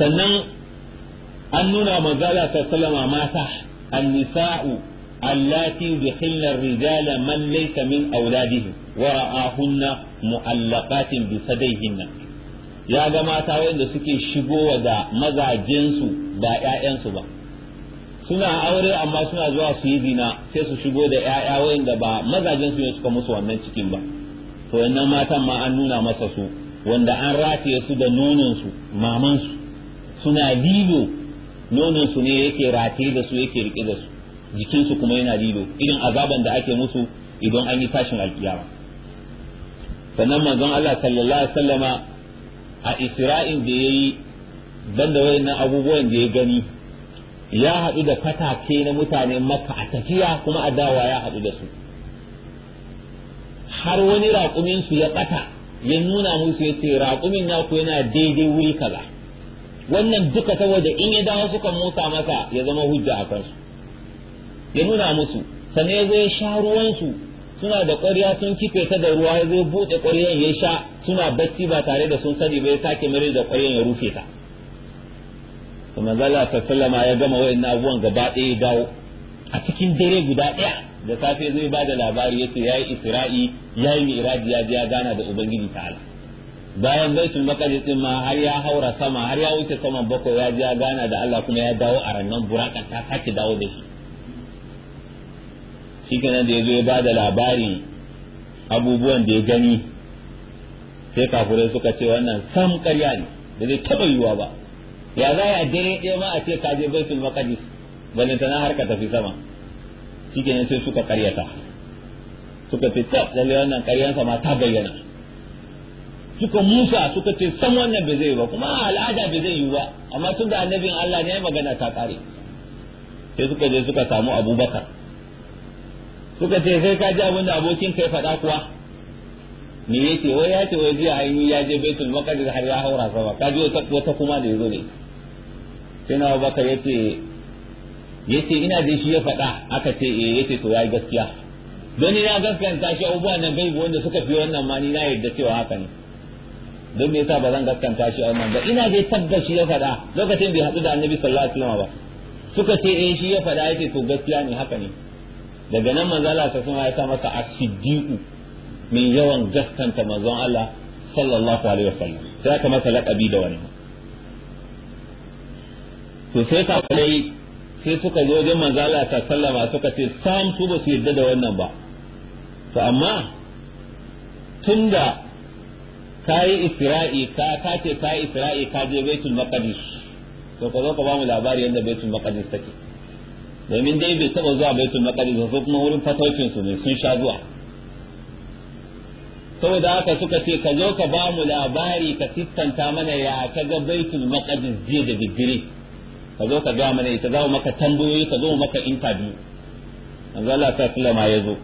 sannan an nuna magana ta salama mata annisa'u allati yudkhilna ar-rijala man laysa min awladihim wa ra'ahunna mu'allaqatin bi sadayhinna ya ga mata wanda suke shigowa da mazajensu ba 'ya'yansu ba suna aure amma suna zuwa suyi yi zina sai su shigo da 'ya'ya wanda ba mazajensu ne suka musu wannan cikin ba to wannan matan ma an nuna masa su wanda an rataye su da nononsu mamansu suna lilo nononsu ne yake rataye da su yake rike da su jikinsu kuma yana lilo irin azaban da ake musu idan an yi tashin alkiyama sannan manzon Allah sallallahu alaihi wasallama a Isra'in da yayi banda wayannan abubuwan da ya gani ya hadu da fatake na mutane maka a tafiya kuma a dawa ya haɗu da su har wani raƙumin su ya ɓata ya nuna musu ya ce raƙumin naku yana daidai wuri kaza wannan duka saboda in ya dawo suka musa masa ya zama hujja a kansu ya nuna musu sannan ya zo ya sha ruwansu suna da ƙwarya sun kife ta da ruwa ya zo buɗe ƙwaryan ya sha suna bacci ba tare da sun sani ba ya sake mare da ƙwaryan ya rufe ta to ta sallama ya gama wa'annan abubuwan gaba ɗaya ya dawo a cikin dare guda ɗaya da safe zai ba da labari yace yayi isra'i yayi mi'raji ya ya gana da ubangiji ta'ala bayan baitul maqdis din ma har ya haura sama har ya wuce saman bakwai ya ji ya gana da Allah kuma ya dawo a rannan burakan ta sake dawo da shi shi kenan da ya zo ya ba da labarin abubuwan da ya gani sai kafurai suka ce wannan sam karya ne da zai taɓa yiwuwa ba ya za a dare ɗaya ma a ce ka je baitul maqdis balantana har ka tafi sama shi kenan sai suka karyata suka ce ta da wannan karyansa ma ta bayyana suka musa suka ce san wannan bai zai ba kuma al'ada bai zai yiwu ba amma tun da annabin Allah ne magana ta kare sai suka je suka samu abubakar suka ce sai ka ji abin da abokin kai faɗa kuwa me yake wai ya ce wai zai hanyu ya je baitul maqdis har ya haura sama ka ji wata kuma da yazo ne sai na baka yace yace ina da shi ya faɗa aka ce eh yace to yayi gaskiya don na gaskanta shi abubuwan nan gaibu wanda suka fi wannan ma ni na yarda cewa haka ne don me yasa ba zan gaskanta shi wannan ba ina dai shi ya faɗa lokacin bai haɗu da annabi sallallahu alaihi wasallam ba suka ce eh shi ya faɗa yace to gaskiya ne haka ne daga nan manzo Allah ta sama ya sa masa asidiku min yawan gaskanta manzon Allah sallallahu alaihi wasallam sai aka masa laƙabi da wani. to sai ka kai sai suka zo wajen manzo Allah ta sallama suka ce sam su ba su yarda da wannan ba to amma tunda kayi isra'i ka ka ce kayi isra'i ka je baitul maqdis to ka zo ka ba mu labari yadda baitul maqdis take domin dai bai taba zuwa baitul maqdis ba kuma wurin fatawcin su ne sun sha zuwa saboda haka suka ce ka zo ka ba mu labari ka cikanta mana ya ka ga baitul maqdis jiya da digiri ka zo ka ga mana ita za mu maka tambayoyi ka zo maka interview manzo Allah ta sallama ya zo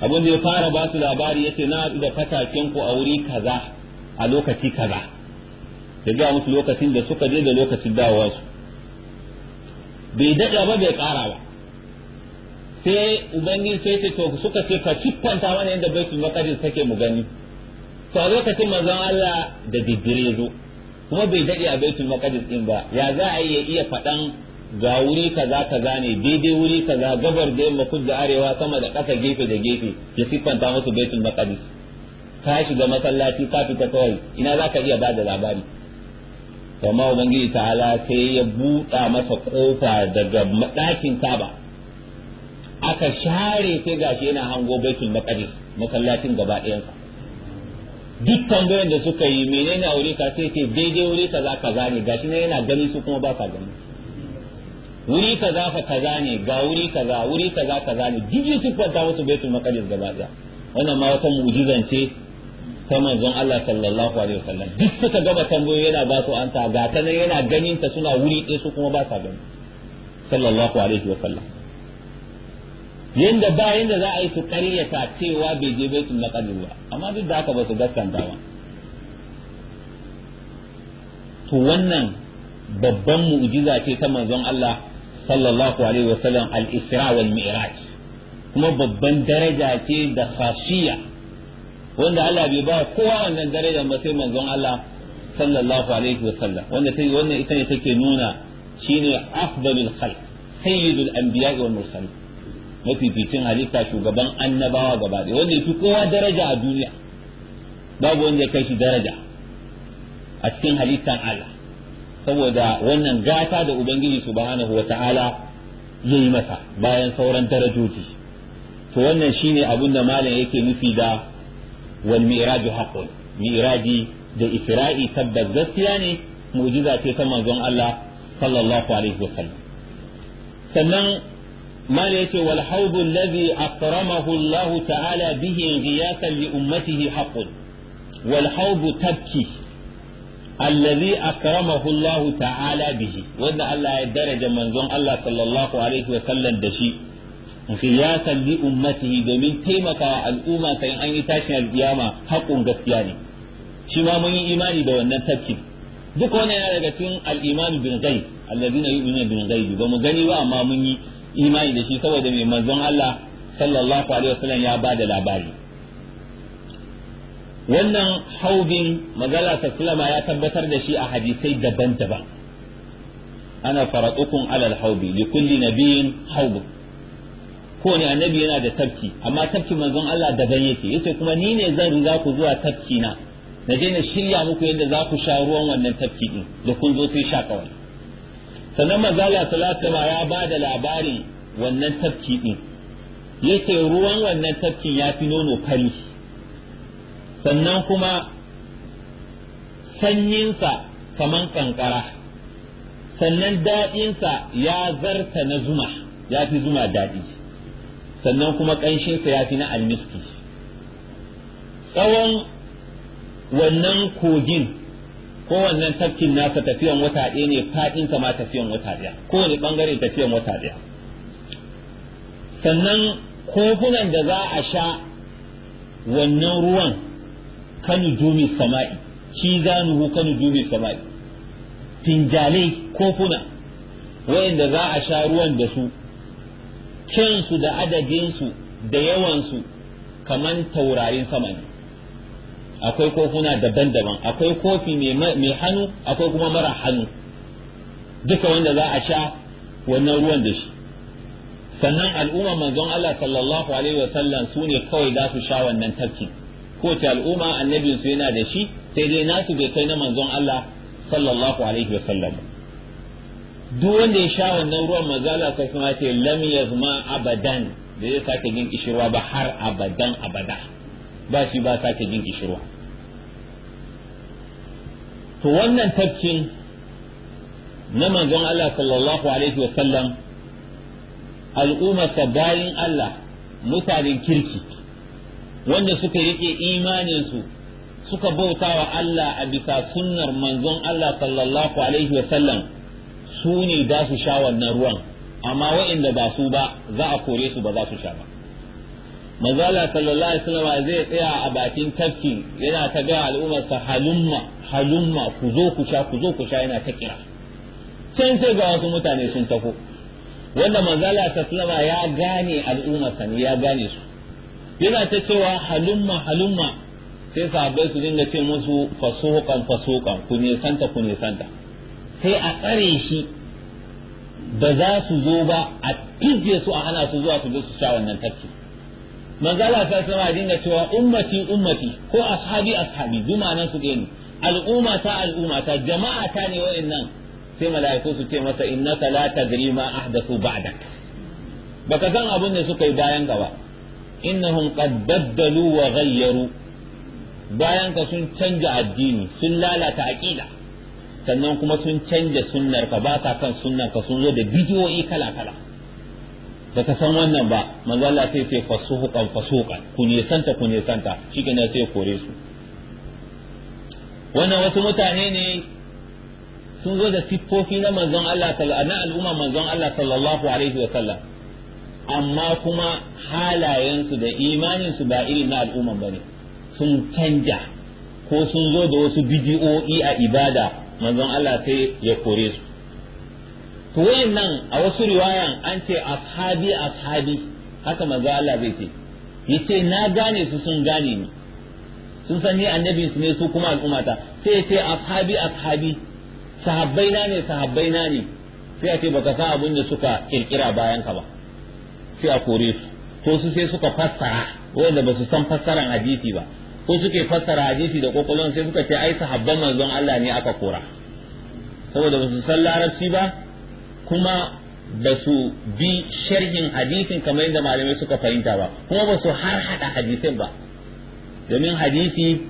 abin da ya fara ba su labari yace na da fataken ku a wuri kaza a lokaci kaza da ga musu lokacin da suka je da lokacin dawowa su bai daɗa ba bai ƙara ba sai ubangiji sai ce to suka ce ka siffanta mana yadda baitul maqdis take mu gani to a lokacin manzon Allah da digire zo kuma bai daɗe a baitul maqdis din ba ya za a iya iya faɗan ga wuri kaza kaza ne daidai wuri kaza gabar da yamma kud da arewa sama da ƙasa gefe da gefe ya siffanta musu baitul maqdis ka shiga masallaci ka fita kawai ina za ka iya bada labari to amma ubangiji ta'ala sai ya buɗa masa kofa daga ɗakin kaba aka share sai gashi yana hango baitul maqdis masallacin gaba ɗayansa duk tambayan da suka yi menene aure ka sai ce daidai wuri kaza kaza ne gashi ne yana gani su kuma ba sa gani wuri kaza fa kaza ne ga wuri kaza wuri kaza kaza ne duk ya siffanta musu baitul maqdis gaba ɗaya wannan ma wata mu'jizance ta manzon Allah sallallahu alaihi wasallam duk suka gaba tambayoyi yana ba su anta ga ta nan yana ganin ta suna wuri ɗaya su kuma ba sa gani sallallahu alaihi wasallam yanda ba yanda za a yi su ƙaryata cewa bai je baitul maqdis ba amma duk da haka ba su gaskanta ba to wannan babban mu'jiza ce ta manzon Allah sallallahu alaihi wasallam al-Isra wal Mi'raj kuma babban daraja ce da khashiya wanda Allah bai ba kowa wannan darajar ba sai manzon Allah sallallahu alaihi wa sallam wanda sai wannan ita ne take nuna shine afdalul khalq sayyidul anbiya wal mursalin mafificin halitta shugaban annabawa gaba da wanda yafi kowa daraja a duniya babu wanda ya kai shi daraja a cikin halittar Allah saboda wannan gata da ubangiji subhanahu wa ta'ala yi masa bayan sauran darajoji to wannan shine abin da malam yake nufi da wal miraju haqqun miraji da isra'i tabbas gaskiya ne mu'jiza ce ta manzon Allah sallallahu alaihi wasallam sannan mala yace wal hawd alladhi akramahu Allah ta'ala bihi ghiyasan li ummatihi haqqun wal hawd tabki alladhi akramahu Allah ta'ala bihi wanda Allah ya daraja manzon Allah sallallahu alaihi da shi ya salli ummatihi domin taimaka al'umma sai an yi tashin alkiyama haƙun gaskiya ne shi ma mun yi imani da wannan tafkin. duk wannan yana daga cikin alimani iman bin ghaib allazina yu'minuna bin ghaib ba mu gani ba amma mun yi imani da shi saboda mai manzon Allah sallallahu alaihi wasallam ya da labari wannan haubin magana sallama ya tabbatar da shi a hadisai daban-daban ana faratukun alal haubi li kulli nabiyin haubun Ko ne annabi yana da tafki amma tafki manzon Allah da daban yake yace kuma ni ne zan riga ku zuwa tafki na na je na shirya muku yadda za ku sha ruwan wannan tafki din da kun zo sai sha kawai sannan manzo Allah sallallahu alaihi ya ba da labarin wannan tafki din yace ruwan wannan tafki ya fi nono fari sannan kuma sanyinsa kaman kankara sannan daɗinsa ya zarta na zuma ya fi zuma daɗi sannan kuma ƙanshinsa ya fi na almiski tsawon wannan kogin ko wannan tafkin nasa tafiyan wata ɗaya ne faɗinsa ma tafiyan wata ɗaya kowane ɓangare tafiyan wata ɗaya sannan kofunan da za a sha wannan ruwan kanu dumi sama'i shi zanuhu kanu dumi sama'i finjalai kofuna wayanda za a sha ruwan da su kyansu da adadinsu da yawansu kaman taurarin sama ne akwai kofuna daban-daban akwai kofi mai hannu akwai kuma mara hannu duka wanda za a sha wannan ruwan da shi sannan al'umma manzon Allah sallallahu alaihi wasallam su ne kawai za su sha wannan tafki kowace al'umma annabinsu yana da shi sai dai nasu bai kai na manzon Allah sallallahu alaihi wasallam duk wanda ya sha wannan ruwan mazala ta kuma ce lam yazma abadan da ya sake jin kishirwa ba har abadan abada ba shi ba sake jin kishirwa to wannan tafkin na manzon Allah sallallahu alaihi wasallam al'umma sabayin Allah mutanen kirki wanda suka rike imaninsu suka bautawa Allah a bisa sunnar manzon Allah sallallahu alaihi wasallam su ne za su sha wannan ruwan amma waɗanda ba su ba za a kore su ba za su sha ba mazala sallallahu alaihi wasallam zai tsaya a bakin tafki yana ta ga al'ummarsa halumma halumma ku zo ku sha ku zo ku sha yana ta kira sai sai ga wasu mutane sun taho wanda mazala sallallahu ya gane al'ummarsa ne ya gane su yana ta cewa halumma halumma sai sahabbai su dinga ce musu fasuqan fasuqan ku ne santa ku ne santa sai a tsare shi ba za su zo ba a izge su a hana su zuwa su su sha wannan tafki manzala ta sama dinga cewa ummati ummati ko ashabi ashabi duma nan su ne al'umma ta al'umma ta jama'a ta ne wayannan sai mala'iku su ce masa innaka la tadri ma ahdathu ba'dak baka san abin da suka yi bayan gaba innahum qad baddalu wa ghayyaru bayan ka sun canja addini sun lalata aqida sannan kuma sun canja sunnar ka ba ka kan sunnar ka sun zo da bidiyoyi kala kala da ka san wannan ba manzo Allah sai sai fasuhuqan fasuqan ku ne santa ku ne santa shikenan sai kore su wannan wasu mutane ne sun zo da siffofi na manzon Allah na al'umma manzon Allah sallallahu alaihi wa sallam amma kuma halayensu da imaninsu ba irin na al'umman bane sun canja ko sun zo da wasu bidiyo'i a ibada manzon Allah sai ya kore su to wayan nan a wasu riwayan an ce ashabi ashabi haka manzon Allah zai ce yace na gane su sun gane ni sun san ni annabi su ne su kuma al'ummata sai ya ce ashabi ashabi na ne na ne sai a ce baka san abin da suka kirkira bayan ka ba sai a kore su to su sai suka fassara wanda ba su san fassaran hadisi ba ko suke fassara hadisi da kokolon sai suka ce ai sahabban manzon Allah ne aka kora saboda ba su san larabci ba kuma ba su bi sharhin hadisin kamar yadda malamai suka fahimta ba kuma ba su har hada hadisin ba domin hadisi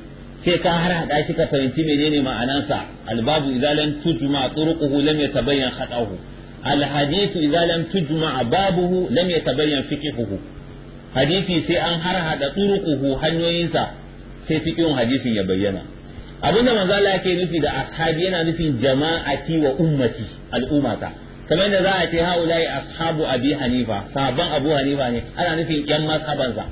sai ka har hada shi ka fahimci menene ma'anansa albabu idalan tujma turuquhu lam yatabayyan khatahu alhadithu idza lam tujma babuhu lam yatabayyan fiqhuhu hadisi sai an har hada turuquhu hanyoyinsa sai cikin hadisin ya bayyana abinda manzo Allah yake nufi da ashabi yana nufin jama'ati wa ummati al'ummata kamar yadda za a ce haulai ashabu abi hanifa sabon abu hanifa ne ana nufin yan mazhabansa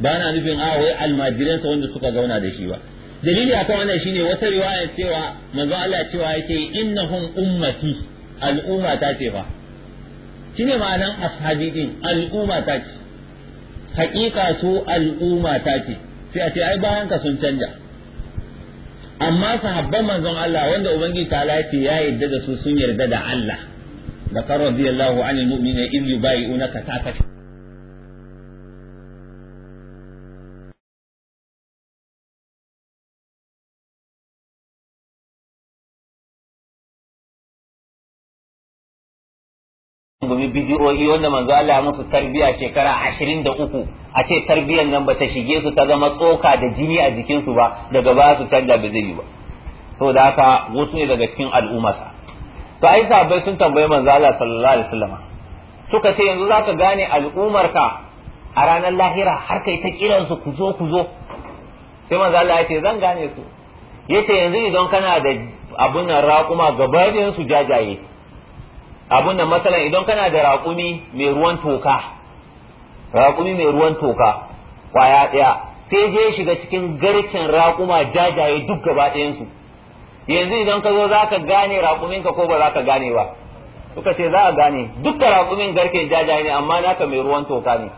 ba na nufin a ah, wai almajiransa wanda suka zauna da shi ba dalili akan wannan shine wata riwaya cewa manzo Allah cewa yake innahum ummati al'umma ta ce fa shine ma'anan ashabi din al'umma ta ce hakika su al'umma ta ce sai a ce ai bayan ka sun canja amma sahabban manzon Allah wanda ubangiji ta lafi ya yarda da su sun yarda da Allah da kan radiyallahu anil mu'minina iz yubayi'unaka ta gumi bidiyoyi wanda manzo Allah ya musu tarbiya shekara 23 a ce tarbiyan nan bata shige su ta zama tsoka da jini a jikin su ba daga ba su canza ba zai ba da haka wasu ne daga cikin al'ummarsa to ai sahabbai sun tambayi manzo Allah sallallahu alaihi wasallam suka ce yanzu zaka gane al'ummarka a ranar lahira har kai ta kiran su ku zo ku zo sai manzo Allah ya ce zan gane su yace yanzu idan kana da abun nan raƙuma gabaɗayan su jajaye abun nan matsalan idan kana da raƙumi mai ruwan toka raƙumi mai ruwan toka kwaya ɗaya sai je shiga cikin garken raƙuma jajaye duk gaba ɗayansu yanzu idan ka zo za ka gane raƙuminka ko ba za ka gane ba suka ce za a gane dukka raƙumin garken jajaye ne amma naka mai ruwan toka ne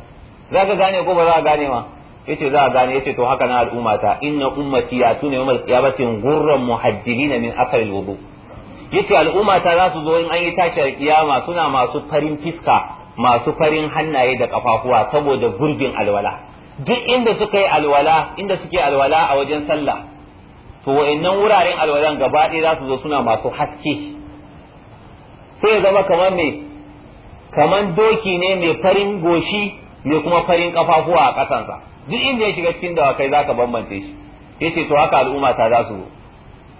za ka gane ko ba za a gane ma yace za a gane yace to haka na al'ummata inna ummati yatuna yawmal qiyamati gurran muhajjilina min akal wudu' yace al'umma ta za su zo in an yi tashar kiyama suna masu farin fiska masu farin hannaye da kafafuwa saboda gurbin alwala duk inda suka yi alwala inda suke alwala a wajen sallah to wayannan wuraren alwalan gaba ɗaya za su zo suna masu haske sai ya zama kamar me kamar doki ne mai farin goshi mai kuma farin kafafuwa a ƙasansa duk inda ya shiga cikin dawakai ka bambance shi yace to haka al'umma ta za su zo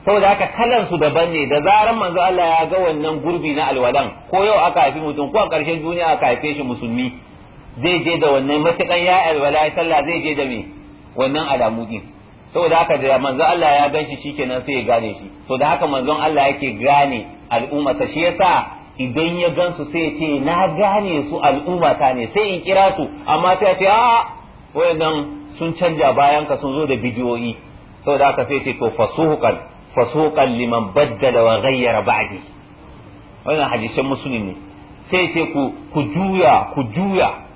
saboda haka kalan su daban ne da zaran manzo Allah ya ga wannan gurbi na alwalan ko yau aka haifi mutum ko a ƙarshen duniya aka haife shi musulmi zai je da wannan matakan ya alwala ya sallah zai je da me wannan alamu saboda haka da manzo Allah ya ganshi shikenan sai ya gane shi to da haka manzon Allah yake gane al'ummata shi yasa idan ya gansu sai ya ce na gane su al'ummata ne sai in kira su amma sai ya ce a wayannan sun canja bayan ka sun zo da bidiyoyi saboda haka sai ce to fasuhukan fasuqan liman baddala wa ghayyara wannan hadisin muslim ne sai sai ku ku juya ku juya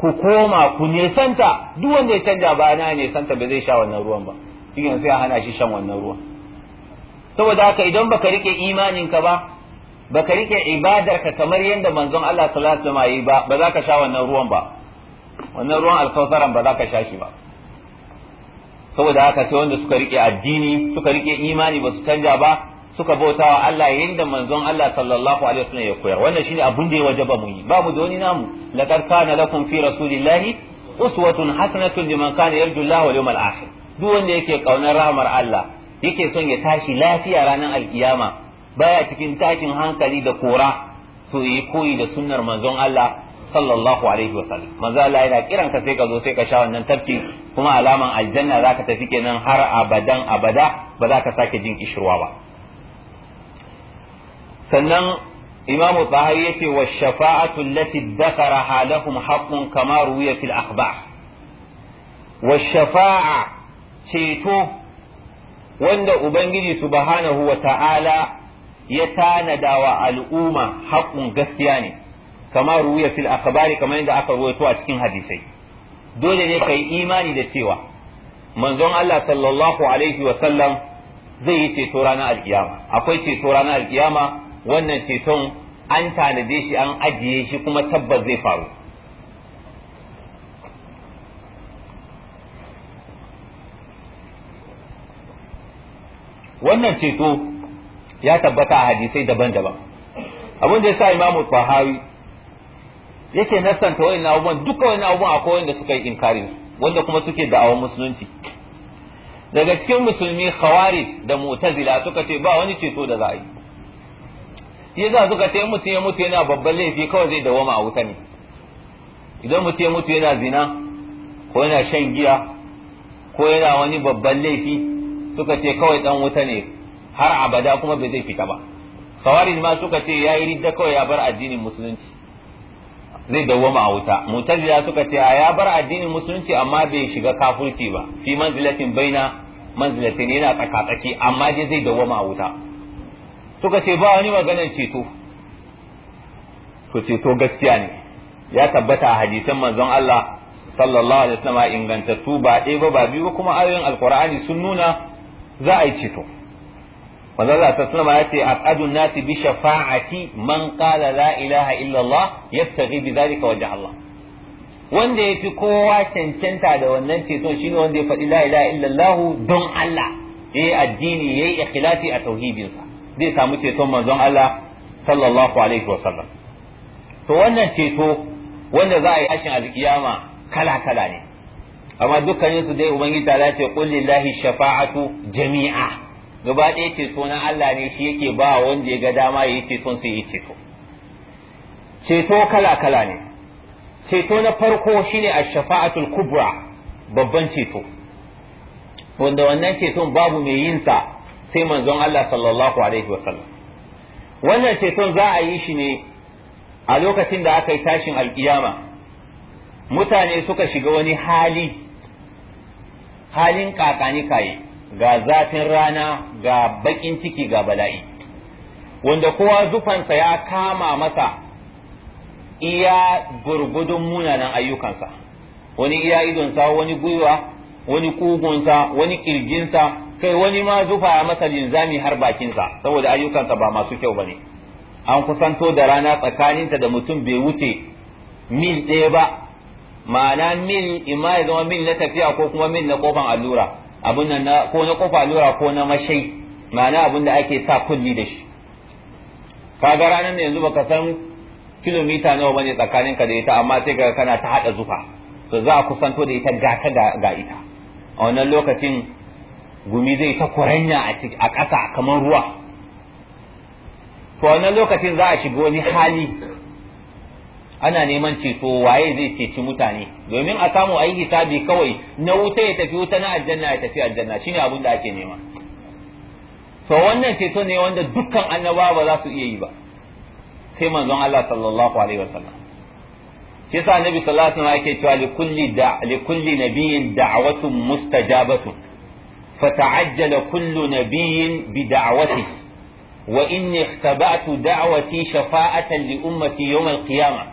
ku koma ku nesanta duk wanda ya canja bayana ya nesanta ba zai sha wannan ruwan ba shi sai a hana shi shan wannan ruwan saboda haka idan baka rike imanin ka ba baka rike ibadar ka kamar yadda manzon Allah sallallahu alaihi wasallam yi ba ba za ka sha wannan ruwan ba wannan ruwan alkausaran ba za ka sha shi ba saboda haka sai wanda suka rike addini suka rike imani ba su canja ba suka bauta wa Allah yanda manzon Allah sallallahu alaihi wasallam ya koyar wannan shine abun da ya wajaba mu yi ba mu da wani namu laqad kana lakum fi rasulillahi uswatun hasanatun liman kana yarju Allah wal yawmal akhir duk wanda yake kaunar rahmar Allah yake son ya tashi lafiya ranar alkiyama baya cikin tashin hankali da kora to yi koyi da sunnar manzon Allah sallallahu alaihi wasallam manzo Allah yana kiran ka sai ka zo sai ka sha wannan tafki kuma alaman aljanna zaka tafi kenan har abadan abada ba za ka sake jin kishirwa ba sannan imamu tsahari yace wa shafa'atu lati dakara halahum haqqun kama ruwiya fil akhbar wa shafa'a ceto wanda ubangiji subhanahu wa ta'ala ya tanada wa al'umma haqqun gaskiya ne kama wuya fil akhbari kamar yadda aka ruwaito a cikin hadisai dole ne ka yi imani da cewa manzon Allah sallallahu alaihi wa sallam zai yi ceto ranar alkiyama akwai ceto ranar alkiyama wannan ceton an tanade shi an ajiye shi kuma tabbas zai faru wannan ceto ya tabbata a hadisai daban-daban abin da ya sa imamu tahawi yake nasanta wa'in abubuwan duka wani abubuwan akwai da suka yi inkari wanda kuma suke awon musulunci daga cikin musulmi khawari da mu'tazila suka ce ba wani ceto da za a yi suka ce mutum ya mutu yana babban laifi kawai zai dawoma a wuta ne idan mutum ya mutu yana zina ko yana shan giya ko yana wani babban laifi suka ce kawai dan wuta ne har abada kuma bai zai fita ba khawari ma suka ce ya yi ridda kawai ya bar addinin musulunci zai dawwama a wuta mutazila suka ce a ya bar addinin musulunci amma bai shiga kafirci ba fi manzilatin baina manzilatin yana tsakatsaki amma dai zai dawwama a wuta suka ce ba wani maganar ceto to ceto gaskiya ne ya tabbata a hadisan manzon Allah sallallahu alaihi wasallam ingantattu ba ɗaya ba ba biyu kuma ayoyin alqur'ani sun nuna za a yi ceto manzala ta sallama ya ce aqadun nasi bi shafa'ati man qala la ilaha illa Allah yastaghi bi zalika wajh Allah wanda yafi kowa cancanta da wannan ceto shine wanda ya faɗi la ilaha illa Allah don Allah yayi addini yayi ikhlasi a tauhidinsa zai samu ceton manzon Allah sallallahu alaihi to wannan ceto wanda za a yi ashin alkiyama kala kala ne amma dukkaninsu dai ubangiji ta ce qul lillahi shafa'atu jami'a gaba ɗaya ceto na Allah ne shi yake ba wanda ya ga dama ya yi ceton sai ya yi ceto ceto kala kala ne ceto na farko shine a shafaatul kubra babban ceto wanda wannan ceton babu mai yin sa sai manzon Allah sallallahu alaihi wasallam wannan ceton za a yi shi ne a lokacin da aka yi tashin alƙiyama mutane suka shiga wani hali halin kakani kaye ga zafin rana ga bakin ciki ga bala'i wanda kowa zufansa ya kama masa iya gurgudun munanan ayyukansa wani iya idonsa wani gwiwa wani kugunsa wani kirjinsa kai wani ma zufa ya masa linzami har bakinsa saboda ayyukansa ba masu kyau ne. an kusanto da rana tsakaninta da mutum bai wuce mil ɗaya ba ma'ana mil imma ya zama mil na tafiya ko kuma mil na kofan allura abin nan ko na kofa lura ko na mashai ma'ana abin da ake sa kulli da shi kaga ranar da yanzu baka san kilomita nawa bane tsakanin ka da ita amma sai ga kana ta hada zufa to za a kusanto da ita ga ga ita a wannan lokacin gumi zai ta kuranya a ƙasa kamar ruwa to wannan lokacin za a shiga wani hali ana neman ceto waye zai ceci mutane domin a samu a yi hisabi kawai na wuta ya tafi wuta na aljanna ya tafi aljanna shine abin da ake nema to wannan ceto ne wanda dukkan annabawa ba za su iya yi ba sai manzon Allah sallallahu alaihi wasallam shi yasa annabi sallallahu alaihi wasallam yake cewa li kulli da li kulli nabiyyin da'watun mustajabatun fata'ajjala kullu nabiyyin bi da'watihi وإني اختبأت دعوتي شفاعة لأمتي يوم القيامة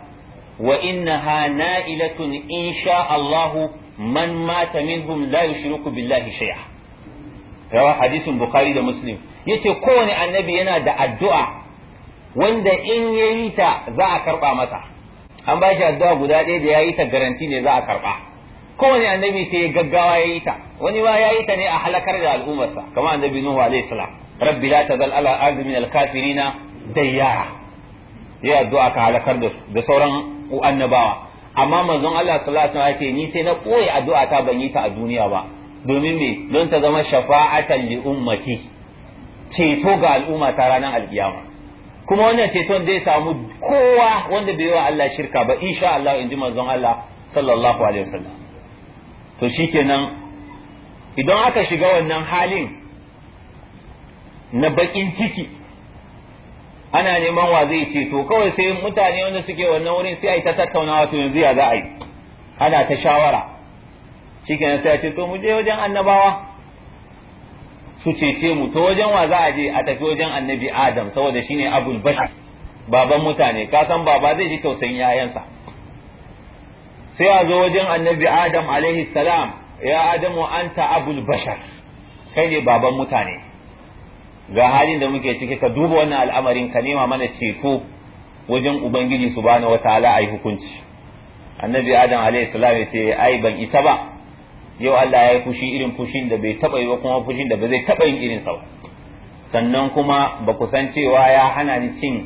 wa innaha na'ilatun insha Allah man mata minhum la yushriku billahi shay'a rawa hadisin bukhari da muslim yace kowane annabi yana da addu'a wanda in yayi ta za a karba masa an ba shi addu'a guda ɗaya da yayi ta garanti ne za a karba kowane annabi sai gaggawa yayi ta wani ma yayi ta ne a halakar da al'ummarsa kama annabi nuhu alaihi salam rabbi la tazal ala ardi min al-kafirina dayyara Yi addu'a ka halakar da da sauran annabawa amma manzon Allah sallallahu alaihi wasallam ni sai na koyi addu'a ta ban yi ta a duniya ba domin me don ta zama shafa'atan li ummati ceto ga al'umma ta ranar alkiyama kuma wannan ceton zai samu kowa wanda bai yi wa Allah shirka ba insha Allah inji manzon Allah sallallahu alaihi wasallam to shikenan idan aka shiga wannan halin na bakin ciki ana neman wa zai to kawai sai mutane wanda suke wannan wurin sai a yi ta tattaunawa to yanzu ya za a yi ana ta shawara shikenan sai a ce to mu je wajen annabawa su cece mu to wajen wa za a je a tafi wajen annabi adam saboda shine abul bashar baban mutane ka san baba zai ji tausayin yayansa sai a zo wajen annabi adam alaihi salam ya adamu anta abul bashar kai ne baban mutane ga halin da muke ciki ka duba wannan al'amarin ka nema mana ceto wajen ubangiji su subhanahu wataala ai hukunci annabi adam alaihi salam ya ce ai ban isa ba yau Allah ya yi fushi irin fushin da bai taba yi ba kuma fushin da ba zai taba yin irin sa sannan kuma ba ku san cewa ya hana ni cin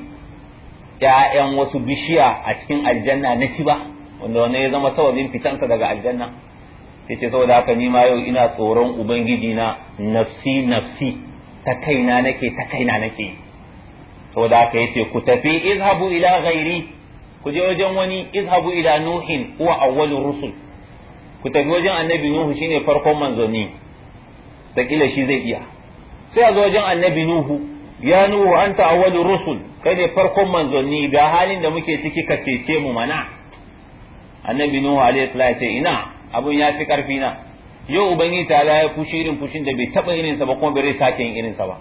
'ya'yan wasu bishiya a cikin aljanna na ci ba wanda wannan ya zama sababin fitansa daga aljanna yace saboda haka ni ma yau ina tsoron ubangiji na nafsi nafsi ta kaina nake ta kaina nake saboda haka yace ku tafi izhabu ila ghairi ku je wajen wani izhabu ila nuhin huwa awwalur rusul ku tafi wajen annabi nuhu shine farkon manzoni da kila shi zai iya sai a zo wajen annabi nuhu ya nuhu anta awwalur rusul kai ne farkon manzoni ga halin da muke ciki ka cece mu mana annabi nuhu alaihi salatu ina abun ya fi karfi na yau ubangiji ta ya fushi irin fushin da bai taba irinsa ba kuma bai sake yin sa ba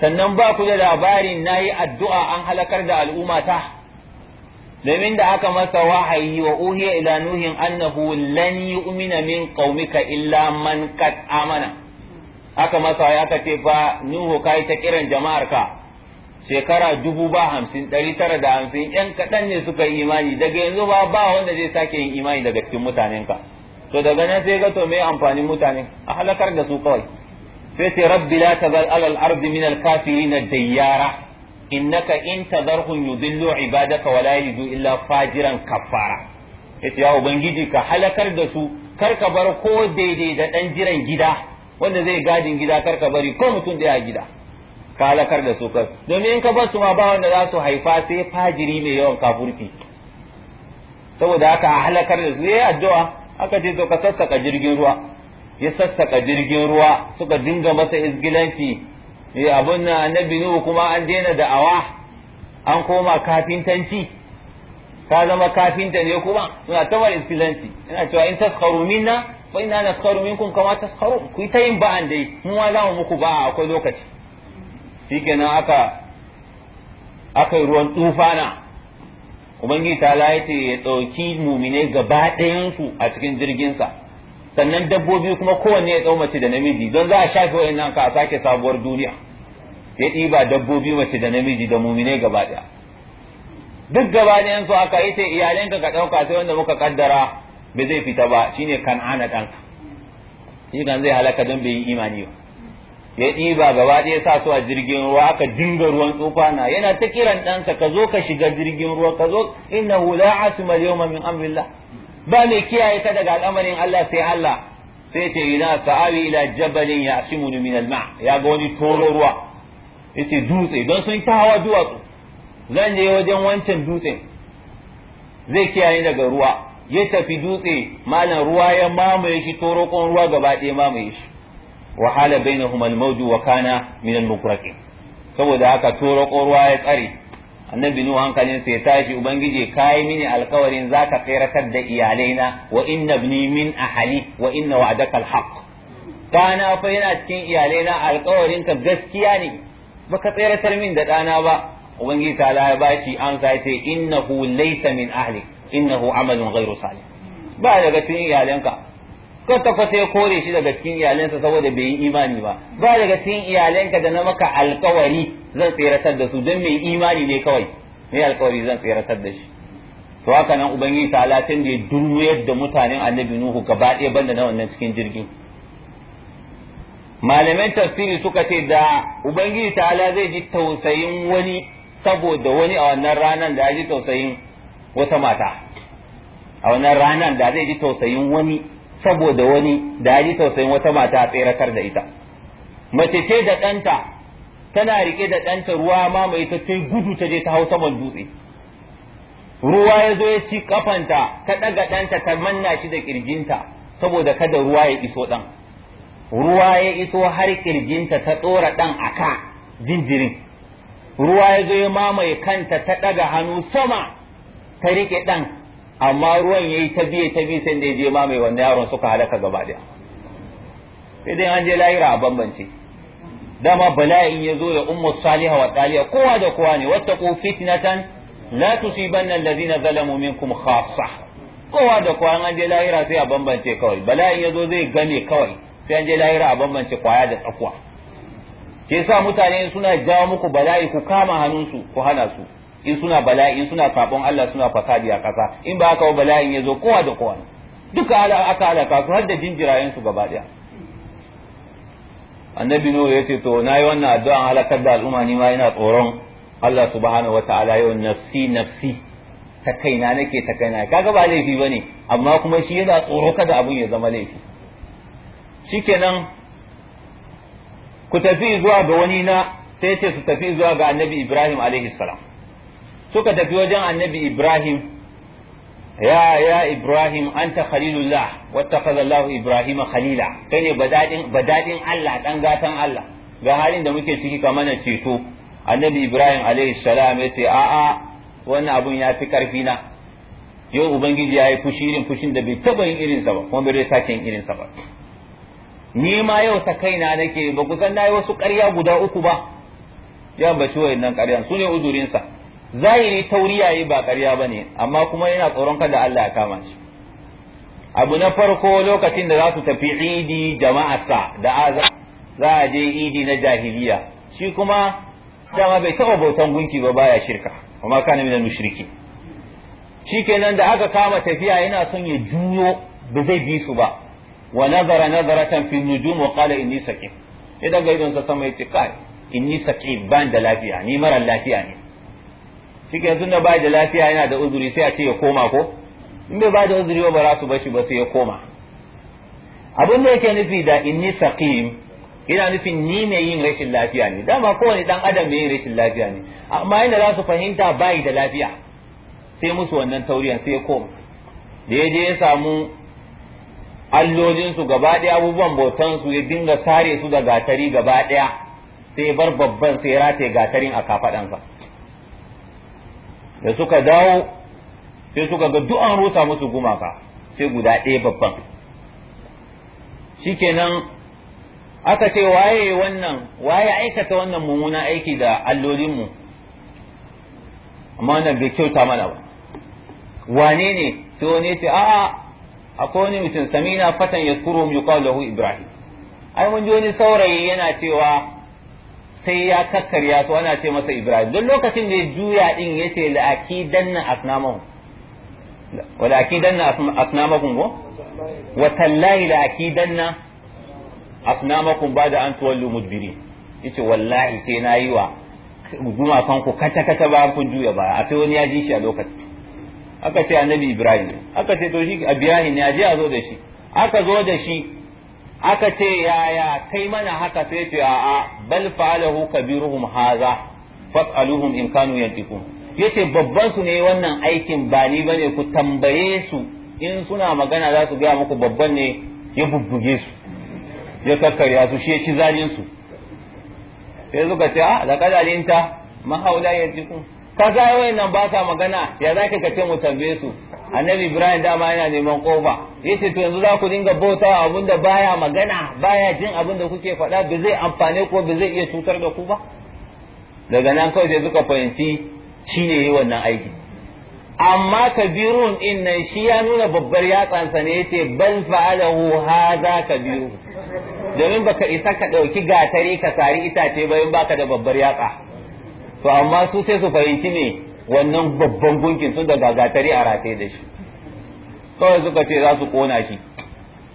sannan ba ku da labarin nayi addu'a an halakar da al'umma ta domin da aka masa wahayi wa uhiya ila nuhin annahu lan yu'mina min qaumika illa man qad amana aka masa ya aka ce fa nuhu kai ta kiran jama'ar ka shekara dubu ba hamsin ɗari tara da hamsin ‘yan kaɗan ne suka yi imani daga yanzu ba ba wanda zai sake yin imani daga cikin mutanenka to daga nan sai ga to me amfanin mutane a halakar da su kawai sai sai rabbi la tazal alal ardi min al kafirin dayyara innaka in tadarhum yudillu ibadaka wala yalidu illa fajiran kafara yace ya ubangiji ka halakar da su kar ka bar ko daidai da dan jiran gida wanda zai gadin gida kar ka bari ko mutum ya gida ka halakar da su ka domin in ka bar su ma ba wanda za su haifa sai fajiri mai yawan kafurci saboda haka a halakar da su yayi addu'a aka ce to ka sassaka jirgin ruwa ya sassaka jirgin ruwa suka dinga masa izgilanci eh, abun na annabi nuhu kuma an daina da'awa an koma kafintanci ka zama kafinta ne kuma suna ta izgilanci ina cewa in taskaru minna fa inna naskaru minkum kama taskaru ku ta yin ba'an dai mu ma za mu muku ba akwai lokaci shikenan aka aka ruwan tufana ubangiji ta laita ya ɗauki mumine gaba ɗayansu a cikin jirginsa sannan dabbobi kuma kowanne ya mace da namiji don za a shafe wa'annan ka a sake sabuwar duniya ya ɗiba dabbobi mace da namiji da mumine gaba ɗaya duk gaba ɗayansu aka yi ita iyalinka ka ɗauka sai wanda muka kaddara bai zai fita ba shine kan'ana ɗanka shi kan zai halaka don bai yi imani ba ya ɗiba gaba ɗaya sa su a jirgin ruwa aka dinga ruwan tsufana yana ta kiran ɗansa ka zo ka shiga jirgin ruwa ka zo innahu la asma yawma min amrillah ba mai kiyaye ka daga al'amarin Allah sai Allah sai ce ina sa'awi ila jabalin ya'simuni min al-ma' ya ga wani toro ruwa yace dutse don sun ta hawa duwatsu zan je wajen wancan dutse, zai kiyaye daga ruwa ya tafi dutse malam ruwa ya mamaye shi torokon ruwa gaba ɗaya mamaye shi wa hala bainahum al-mawju wa kana min saboda haka toro ruwa ya tsare annabi nuhu hankalin sai tashi ubangiji kai mini alkawarin zaka tsiratar da iyalaina wa inna ibni min ahli wa inna wa'daka al kana fa yana cikin iyalaina alkawarin ka gaskiya ne baka tsiratar min da dana ba ubangiji ta la bashi amsa ce innahu laysa min ahli innahu amalun ghayru salih ba daga cikin iyalanka ta kwata ya kore shi daga cikin iyalansa saboda bai yi imani ba ba daga cikin iyalanka da na maka alkawari zan tseratar da su don mai imani ne kawai mai alkawari zan tseratar da shi to haka nan ubangiji ta alatin da ya durwayar da mutanen annabi nuhu gaba ɗaya banda na wannan cikin jirgin malamai tafsiri suka ce da ubangiji ta ala zai ji tausayin wani saboda wani a wannan ranar da ya ji tausayin wata mata a wannan ranar da zai ji tausayin wani saboda wani da ya ji tausayin wata mata a tseratar da ita mace ce da ɗanta tana riƙe da ɗanta ruwa ma mai ta tai gudu ta je ta hau saman dutse ruwa ya zo ya ci ƙafanta ta ɗaga ɗanta ta manna shi da ƙirjinta saboda kada ruwa ya iso ɗan ruwa ya iso har ƙirjinta ta tsora ɗan a ka jinjirin ruwa ya zo ya mamaye kanta ta ɗaga hannu sama ta riƙe ɗan amma ruwan yayi ta biye ta biye sai da je ma mai wanda yaron suka halaka gaba daya sai dai an je layira a bambance dama bala'in ya zo ya ummu saliha wa taliya kowa da kowa ne ko fitnatan la tusibanna alladhina zalamu minkum khassa kowa da kowa an je layira sai a bambance kawai bala'in ya zo zai game kawai sai an je lahira a bambance kwaya da tsakuwa ke sa mutane suna jawo muku bala'i ku kama hannunsu ku hana su in suna bala'i in suna sabon Allah suna fasadi a kasa in ba haka bala'in ya zo kowa da kowa duka ala aka halaka su har da jinjirayen su gaba daya annabi nuhu ya ce to nayi wannan addu'an halakar da al'umma ni ma ina tsoron Allah subhanahu wataala yau nafsi nafsi ta kaina nake ta kaina kaga ba laifi bane amma kuma shi yana tsoro kada abun ya zama laifi shikenan ku tafi zuwa ga wani na sai ce su tafi zuwa ga annabi Ibrahim alaihi salam suka tafi wajen annabi Ibrahim ya ya Ibrahim anta khalilullah wattakhadha Allah Ibrahim khalila kai ne badadin badadin Allah dan gatan Allah ga halin da muke ciki kamar na ceto annabi Ibrahim alaihi salam yace a a wannan abun ya fi karfi na yau ubangiji ya yi fushi irin fushin da bai taba yin irinsa ba kuma bai sake yin irinsa ba ni ma yau ta kaina nake ba ku san nayi wasu ƙarya guda uku ba ya bashi wayannan ƙaryan su ne uzurinsa zahiri tauri yi ba ƙarya ne amma kuma yana tsoron kada Allah ya kama shi abu na farko lokacin da za su tafi idi jama'arsa da aza za a je idi na jahiliya shi kuma dama bai taɓa bautan gunki ba baya shirka amma kana minal mushriki kenan da aka kama tafiya yana son ya juyo ba zai bi su ba wa nazara nazaratan fi nujum wa qala inni saqim idan ga idon sa sama yace kai inni saqim ban da lafiya ni mara lafiya ne shi ke da ba da lafiya yana da uzuri sai a ce ya koma ko in bai ba da uzuri ba za su bashi ba sai ya koma abin da yake nufi da inni saqim ina nufin ni ne yin rashin lafiya ne dama kowane dan adam ne yin rashin lafiya ne amma yana za su fahimta bai da lafiya sai musu wannan tauriyan sai ya koma da ya je ya samu allojinsu gaba ɗaya abubuwan bautansu ya dinga sare su da gatari gaba ɗaya sai bar babban sai rataye gatarin a kafaɗansa da suka dawo sai suka ga duk an rusa musu gumaka sai guda ɗaya babban shikenan aka ce waye wannan waye aikata wannan mummunan aiki da allolinmu amma wannan bai kyauta mana ba wane ne sai wani ce a'a akwai wani mutum samina fatan yadkuruhum yuqalu lahu ibrahim ai mun ji wani saurayi yana cewa sai ya kakkarya su ana ce masa ibrahim don lokacin da ya juya din ya ce la'akidanna asnamahum wa la'akidanna asnamahum go wa tallahi la'akidanna asnamakum ba'da an tuwallu mudbirin yace wallahi sai na yi wa gumakan ku kata kata ba kun juya ba a sai wani ya ji shi a lokaci. aka ce annabi ibrahim aka ce to shi a biyahi ne a a zo da shi aka zo da shi aka ce yaya kai mana haka sai ce a'a bal fa'alahu kabiruhum haza fas'aluhum in kanu yantiqun yace babban su ne wannan aikin ba ni bane ku tambaye su in suna magana za su gaya muku babban ne ya bubbuge su ya kakkarya su shi ya ci zalin su sai suka ce a laqad alinta ma haula yantiqun ka ga nan ba sa magana ya zaka ka ce mu tambaye su annabi ibrahim dama yana neman kofa yace to yanzu za ku dinga bautawa abin da baya magana baya jin abinda kuke faɗa ba zai amfane ko ba zai iya cutar da ku ba daga nan kawai sai suka fahimci shi ne yi wannan aiki amma kabirun din nan shi ya nuna babbar yatsansa ne yace bal fa'alahu hadha kabiru domin baka isa ka dauki gatari ka sari itace ba in baka da babbar yatsa to amma su sai su fahimci ne wannan babban gunkin sun da gagatari a rataye da shi kawai suka ce za su kona shi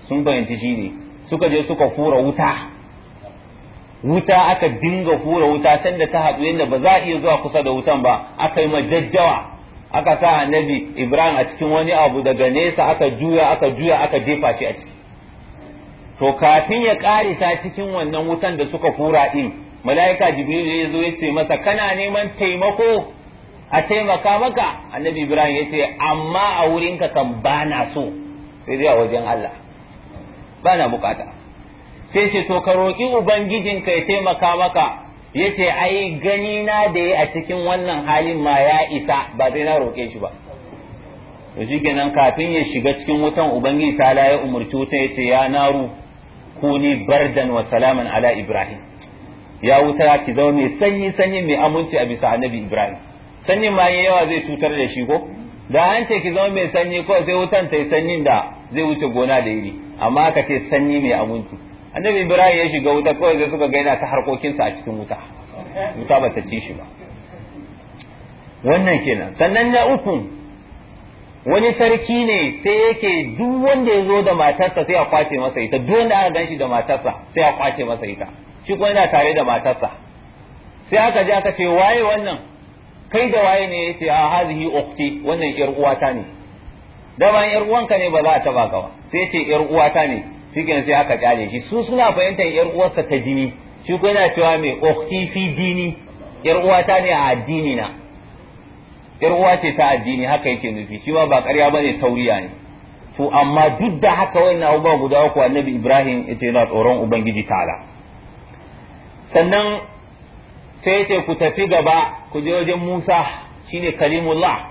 sun fahimci shi ne suka je suka fura wuta wuta aka dinga fura wuta sanda ta haɗu yadda ba za a iya zuwa kusa da wutan ba aka yi majajjawa aka sa annabi ibrahim a cikin wani abu daga nesa aka juya aka juya aka jefa shi a ciki to kafin ya ƙarisa cikin wannan wutan da suka fura ɗin mala'ika jibril ya zo ya ce masa kana neman taimako a taimaka maka annabi ibrahim ya ce amma a wurinka kan ba na so sai dai a wajen allah ba na bukata sai ce to ka roƙi ubangijinka ya taimaka maka ya ce ai gani na da ya a cikin wannan halin ma ya isa ba zai na roƙe shi ba to shi kenan kafin ya shiga cikin wutan ubangiji ta ya umurci wuta ya ce ya naru kuni bardan wa salaman ala ibrahim ya wuta ki zama mai sanyi sanyi mai aminci a bisa annabi ibrahim sanyin ma yawa zai cutar da shi ko da an ce ki zama mai sanyi ko sai wutan ta yi sanyin da zai wuce gona da iri amma ka ce sanyi mai aminci annabi ibrahim ya shiga wuta kawai sai suka gaina ta harkokinsa a cikin wuta wuta ba ta ci shi ba wannan kenan sannan na uku wani sarki ne sai yake duk wanda ya zo da matarsa sai a kwace masa ita duk wanda aka gan shi da matarsa sai a kwace masa ita shi kuma yana tare da matarsa sai aka ji aka ce waye wannan kai da waye ne yace a hazihi ukti wannan yar uwata ne da ban yar uwanka ne ba za a taba ka ba sai yace yar uwata ne cikin sai aka kyale shi su suna fahimtar yar uwarsa ta jini shi kuma yana cewa me ukti fi dini yar uwata ne a addini na yar uwa ce ta addini haka yake nufi shi karya ba ƙarya bane tauriya ne to amma duk da haka wannan abubuwa guda uku annabi Ibrahim yace yana tsoron ubangiji ta'ala sannan sai ce ku tafi gaba ku je wajen Musa shine kalimullah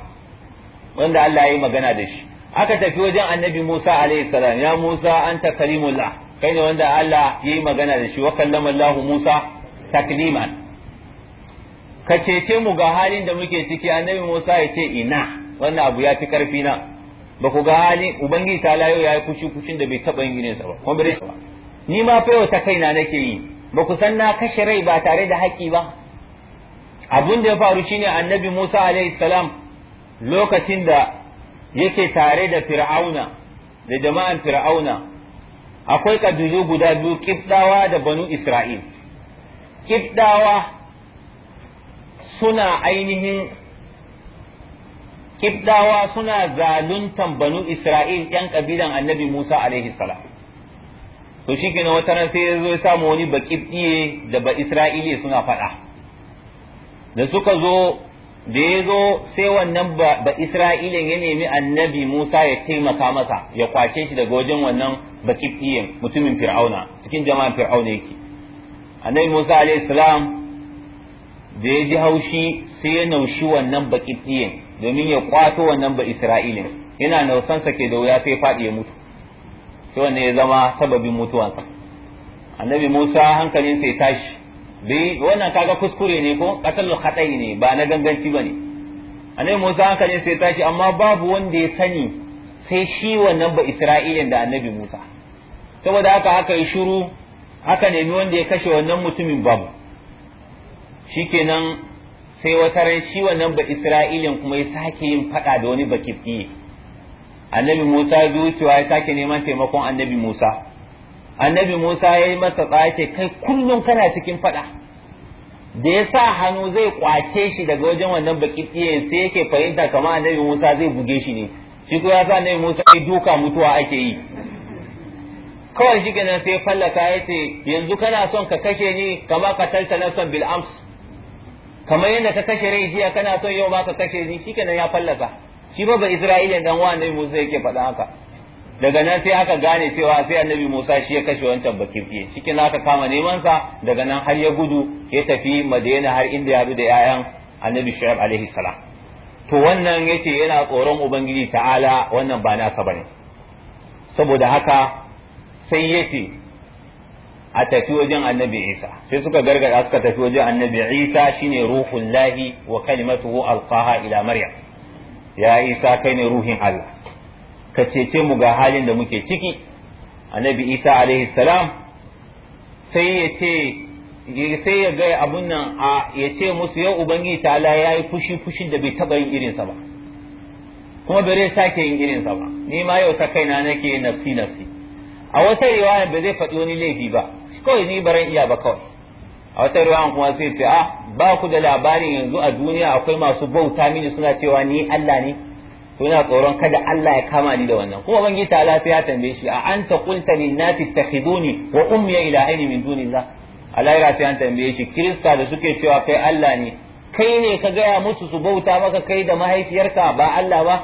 wanda Allah ya yi magana da shi aka tafi wajen annabi Musa alaihi salam ya Musa anta kalimullah kai ne wanda Allah ya yi magana da shi wa kallama Allah Musa takliman ka cece mu ga halin da muke ciki annabi Musa ya ce ina wannan abu ya fi karfi na ba ku ga halin ubangiji ta layo ya yi kushi kushin da bai taba yin sa ba kuma bai ni ma fa yau ta kaina nake yi ba ku san na kashe rai ba tare da haƙƙi ba abin da ya faru shine annabi Musa alaihi lokacin da yake tare da fir'auna da jama'an fir'auna akwai ƙadudu guda biyu kibdawa da banu isra'il ƙibɗawa suna ainihin kibdawa suna zaluntan banu isra'il yan ƙabilan annabi Musa alaihi salam to shi kenan wata ran sai ya zo ya samu wani bakibtiye da ba isra'iliya suna faɗa da suka zo da ya zo sai wannan ba isra'ilin ya nemi annabi musa ya taimaka masa ya kwace shi daga wajen wannan bakibtiyen mutumin fir'auna cikin jama'an fir'auna yake annabi musa alayhi salam da ya ji haushi sai ya naushi wannan bakibtiyen domin ya kwato wannan ba isra'ilin yana nausansa ke da wuya sai faɗi ya mutu sai wanne ya zama sababin mutuwansa annabi Musa hankalin sai tashi bai wannan kaga kuskure ne ko qatalul khata'i ne ba na ganganci bane annabi Musa hankalin sai tashi amma babu wanda ya sani sai shi wannan ba Isra'ilin da annabi Musa saboda haka haka yi shiru haka nemi wanda ya kashe wannan mutumin babu shikenan sai wata ran shi wannan ba Isra'ilin kuma ya sake yin fada da wani bakifiye annabi Musa ya zuciwa ya sake neman taimakon annabi Musa annabi Musa ya yi masa tsake kai kullum kana cikin fada da ya sa hannu zai kwace shi daga wajen wannan baki tsiye sai yake fahimta kama annabi Musa zai buge shi ne shi ko ya sa annabi Musa ya duka mutuwa ake yi kawai shi kenan sai fallaka ya ce yanzu kana son ka kashe ni kama ka taltala son bil kamar yadda ka kashe rai jiya kana son yau ba ka kashe ni kenan ya fallaka. shi ba Isra'ila dan wa annabi Musa yake faɗa haka daga nan sai aka gane cewa sai annabi Musa shi ya kashe wancan bakirfiye cikin aka kama neman sa daga nan har ya gudu ya tafi Madina har inda ya haɗu da 'ya'yan annabi Shu'aib alaihi salam to wannan yace yana tsoron ubangiji ta'ala wannan ba nasa bane saboda haka sai yace a tafi wajen annabi Isa sai suka gargada suka tafi wajen annabi Isa shine ruhullahi lahi wa kalimatuhu alqaha ila maryam ya isa kai ne ruhin Allah ka cece mu ga halin da muke ciki annabi isa alaihi salam sai ya ce sai ya ga abun nan a ya ce musu yau ubangiji ta ya yi fushi fushin da bai taba yin irinsa ba kuma bare sake yin irinsa ba ni ma yau ta kaina nake nafsi nafsi a wata riwaya ba zai faɗi wani laifi ba kawai ni baran iya ba kawai a wata ruwan kuma sai ce a ah, ba ku da labarin yanzu a duniya akwai masu bauta mini suna cewa ni Allah ne to ina tsoron kada Allah ya kama ni da wannan kuma yi ta Allah sai ya tambaye shi a anta qulta lin nasi takhiduni wa ummi ilahaini min dunillah Allah ya sai an tambaye shi kirista da suke cewa kai Allah ne kai ne ka gaya musu su bauta maka kai da mahaifiyarka ba Allah ba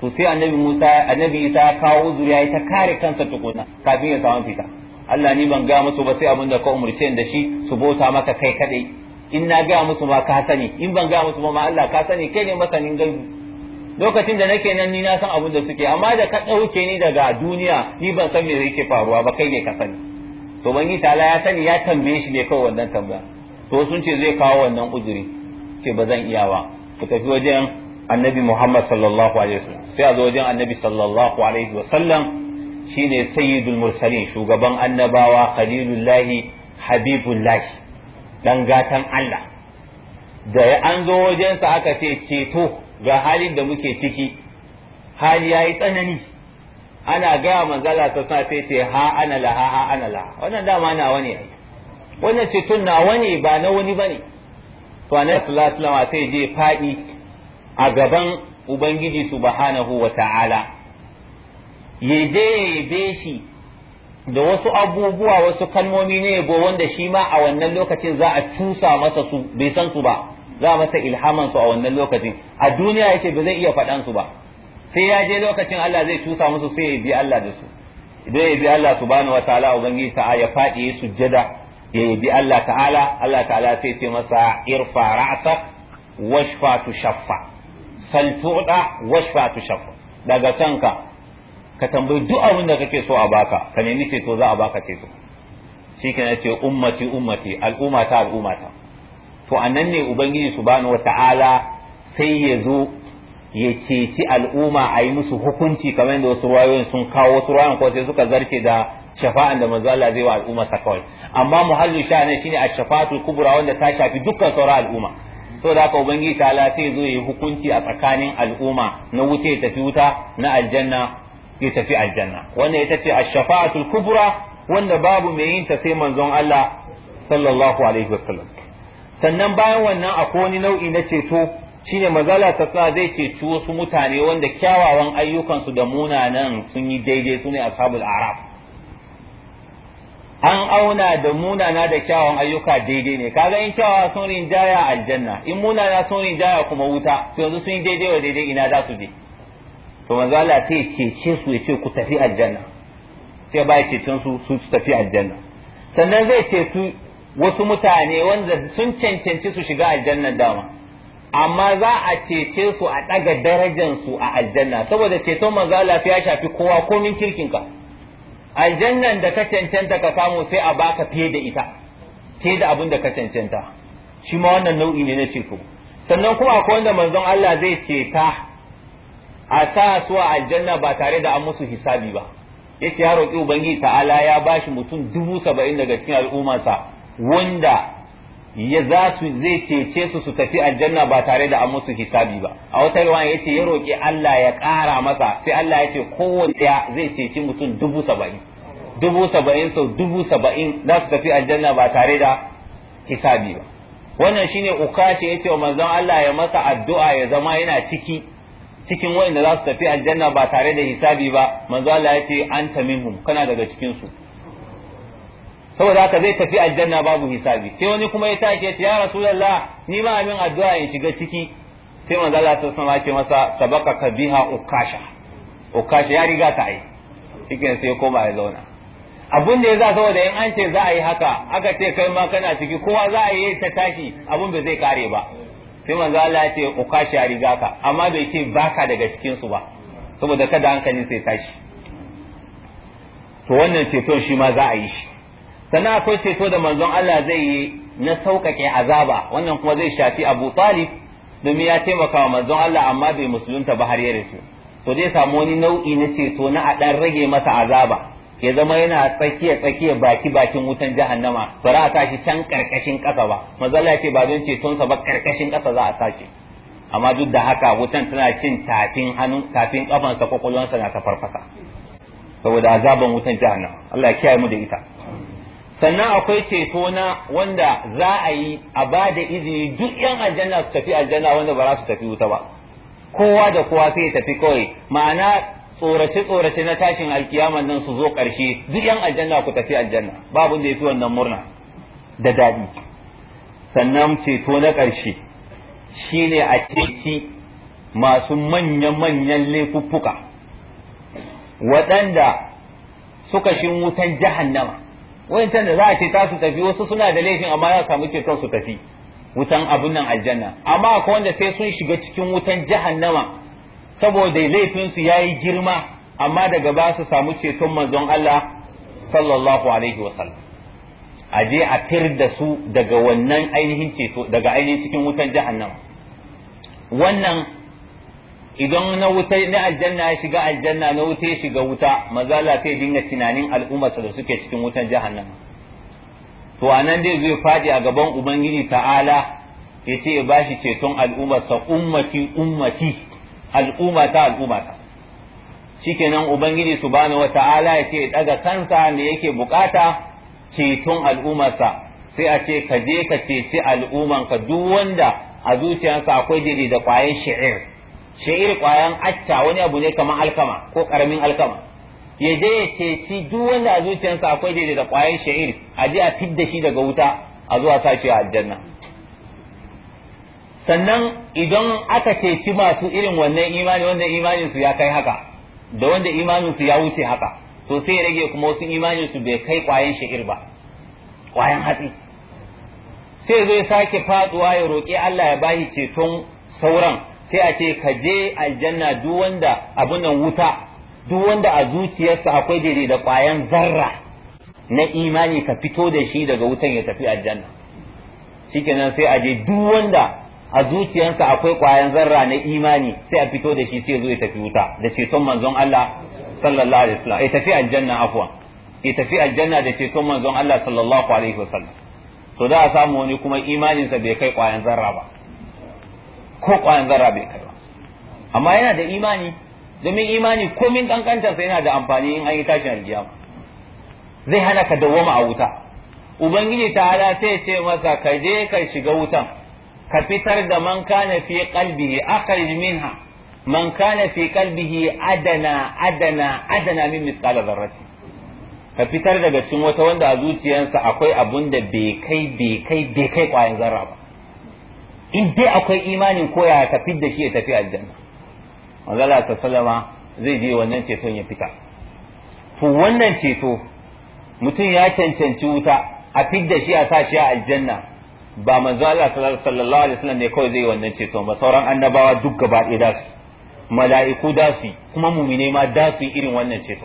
to sai annabi Musa annabi Isa ya kawo zuriya ta kare kansa tukuna kafin ya samu fita Allah ni ban ga musu ba sai abin da ka umurce da shi su bauta maka kai kadai in na ga musu ma ka sani in ban ga musu ba ma Allah ka sani kai ne masanin gaibi lokacin da nake nan ni na san abin da suke amma da ka dauke ni daga duniya ni ban san me yake faruwa ba kai ne ka sani to bangi ta'ala ya sani ya tambaye shi ne kawai wannan tambaya to sun ce zai kawo wannan uzuri ce ba zan iya ba ku tafi wajen annabi Muhammad sallallahu alaihi wasallam sai a zo wajen annabi sallallahu alaihi wasallam shine sayyidul mursalin shugaban annabawa khalilullahi habibullahi dan gatan Allah da ya an zo wajensa aka ce ceto ga halin da muke ciki hali yayi tsanani ana gaya manzala ta sa ce ha ana laha ha ana laha wannan dama wani ne wannan ceton na wani, ba na wani bane to annabi sallallahu alaihi wasallam sai je fadi a gaban ubangiji subhanahu wa ta'ala ya je ya yabe shi da wasu abubuwa wasu kalmomi ne yabo wanda shi ma a wannan lokacin za a cusa masa su bai san su ba za a masa ilhaman su a wannan lokacin a duniya yake ba zai iya faɗan su ba sai ya je lokacin Allah zai cusa musu sai ya bi Allah da su idan ya bi Allah subhanahu ta'ala ubangiji ta ya faɗi ya sujjada ya bi Allah ta'ala Allah ta'ala sai ce masa irfa ra'sa washfa tushaffa sal washfa tushaffa daga kanka ka tambayi duk abin da kake so a baka ka nemi ceto za a baka ceto shi ke ce ummati ummati al'ummata al'ummata to annan ne ubangiji subhanahu wata'ala sai ya zo ya ceci al'umma a yi musu hukunci kamar yadda wasu ruwayoyin sun kawo wasu ruwayoyin ko sai suka zarce da shafa'an da manzo Allah zai wa al'umma sakawai. kawai amma muhallu sha'ani shine ash shafatu kubra wanda ta shafi dukkan sauran al'umma so da haka ubangiji ta'ala sai zo yi hukunci a tsakanin al'umma na wuce tafi wuta na aljanna ya tafi aljanna wannan ita ce ash-shafa'atul kubra wanda babu mai yin ta sai manzon Allah sallallahu alaihi wasallam sannan bayan wannan akwai wani nau'i na ceto shine mazala ta sa zai ceci wasu mutane wanda kyawawan ayyukansu da munanan sun yi daidai su ashabul araf an auna da munana da kyawawan ayyuka daidai ne kaga in kyawawa sun rinjaya aljanna in munana sun rinjaya kuma wuta to yanzu sun yi daidai wa daidai ina za su je to manzo Allah sai ce su ya ce ku tafi aljanna sai ba ya tun su su tafi aljanna sannan zai su wasu mutane wanda sun cancanci su shiga aljanna dama amma za a cece su a ɗaga darajar su a aljanna saboda ceton manzo Allah ya shafi kowa komin kirkin ka aljannan da ka cancanta ka samu sai a baka fiye da ita Ke da abin da ka cancanta shi ma wannan nau'i ne na ceto sannan kuma akwai wanda manzon Allah zai ce ta. a sa su a aljanna ba tare da an musu hisabi ba yace ya roƙi ubangiji ta'ala ya bashi mutum dubu saba'in daga cikin al'ummarsa wanda ya za su zai cece su su tafi aljanna ba tare da an musu hisabi ba a wata riwaya yace ya roƙi Allah ya ƙara masa sai Allah yace kowanne ɗaya zai ceci mutum dubu saba'in dubu saba'in sau dubu saba'in za su tafi aljanna ba tare da hisabi ba wannan shine ukace yace wa manzon Allah ya masa addu'a ya zama yana ciki cikin wanda za su tafi aljanna ba tare da hisabi ba manzo Allah ya ce anta minhum kana daga cikin su saboda haka zai tafi aljanna babu hisabi sai wani kuma ya tashi ya ce ya rasulullah ni ma min addu'a in shiga ciki sai manzo Allah ta sama ce masa sabaka kabiha biha ukasha ukasha ya riga ta yi cikin sai koma ya zauna abun da ya za saboda in an ce za a yi haka aka ce kai ma kana ciki kowa za a yi ta tashi abun da zai kare ba sai manzo Allah ya ce ukashi a riga ka amma bai ce baka daga cikin su ba saboda kada hankali sai tashi to wannan ceton shi ma za a yi shi sannan akwai ceto da manzon Allah zai yi na sauƙaƙe azaba wannan kuma zai shafi Abu Talib domin ya taimaka wa manzon Allah amma bai musulunta ba har ya rasu to zai samu wani nau'i na ceto na a ɗan rage masa azaba ya zama yana tsakiya tsakiya baki bakin wutan jahannama ba za a tashi can karkashin ƙasa ba mazala ce ba don cetonsa ba karkashin ƙasa za a sake. amma duk da haka wutan tana cin tafin hannun tafin kafansa kwakwalwansa na ta farfasa saboda azaban wutan jahannama Allah ya kiyaye mu da ita sannan akwai ceto na wanda za a yi a ba da izini duk yan aljanna su tafi aljanna wanda ba za su tafi wuta ba kowa da kowa sai ya tafi kawai ma'ana tsorace-tsorace na tashin alkiyama nan su zo ƙarshe duk yan aljanna ku tafi aljanna babu da yafi wannan murna da daɗi sannan ceto na ƙarshe shine a ceci masu manya-manyan laifuffuka waɗanda suka shin wutan jahannama wayancan da za a ce ta su tafi wasu suna da laifin amma za samu ceton su tafi wutan abun nan aljanna amma akwai wanda sai sun shiga cikin wutan jahannama saboda laifinsu ya yi girma amma daga ba su samu ceton manzon Allah sallallahu alaihi wasallam a je a fir da su daga wannan ainihin ceto daga ainihin cikin wutan jahannama wannan idan na wuta na aljanna ya shiga aljanna na wuta ya shiga wuta maza lafiya dinga tunanin al'ummarsa da suke cikin wutan jahannama to anan dai zai fadi a gaban ubangiji ta'ala ya ce ya bashi ceton al'ummarsa ummati ummati al'umma ta al'umma ta shikenan ubangiji subhanahu wata'ala ce daga kansa me yake bukata ceton al'ummarsa sai a ce ka je ka ceci ka, duk wanda a zuciyarsa akwai diri da kwayan shi'ir shi'ir kwayan acca wani abu ne kamar alkama ko karamin alkama ya je ya ceci duk wanda a zuciyarsa akwai diri da kwayan shi'ir a je a fidda shi daga wuta a zuwa sashi a aljanna sannan idan aka ceci masu irin wannan imani wanda imanin su ya kai haka da wanda imanin su ya wuce haka to sai rage kuma wasu imanin su bai kai kwayan sha'ir ba kwayan hatsi sai zai sake faduwa ya roƙi Allah ya bashi ceton sauran sai a ce ka je aljanna duk wanda abun nan wuta duk wanda a zuciyarsa akwai daidai da kwayan zarra na imani ka fito da shi daga wutan ya tafi aljanna shikenan sai a je duk wanda a zuciyarsa akwai ƙwayan zarra na imani sai a fito da shi sai zo ya tafi wuta da ceton manzon Allah sallallahu alaihi wasallam ya tafi aljanna afwa ya tafi aljanna da ceton manzon Allah sallallahu alaihi wasallam to da a samu wani kuma imaninsa bai kai ƙwayan zarra ba ko ƙwayan zarra bai kai ba amma yana da imani domin imani komin sa yana da amfani in an yi tashin alkiyama zai hana ka dawwama a wuta ubangiji ta ala sai ce masa ka je ka shiga wutan ka fitar da man kana fi qalbihi akhrij minha man kana fi qalbihi adana adana adana min mithqala dharrati ka fitar daga cikin wata wanda a zuciyarsa akwai abun da bai kai bai kai bai kai kwayan zarra ba in dai akwai imanin koya ka fid da shi ya tafi aljanna manzala ta sallama zai je wannan ceton ya fita to wannan ceto mutum ya cancanci wuta a fid da shi a sa shi a aljanna ba manzo Allah sallallahu alaihi wasallam ne kawai zai wannan ceto ba sauran annabawa duk gaba ɗaya da su mala'iku da su kuma mumine ma da su irin wannan ceto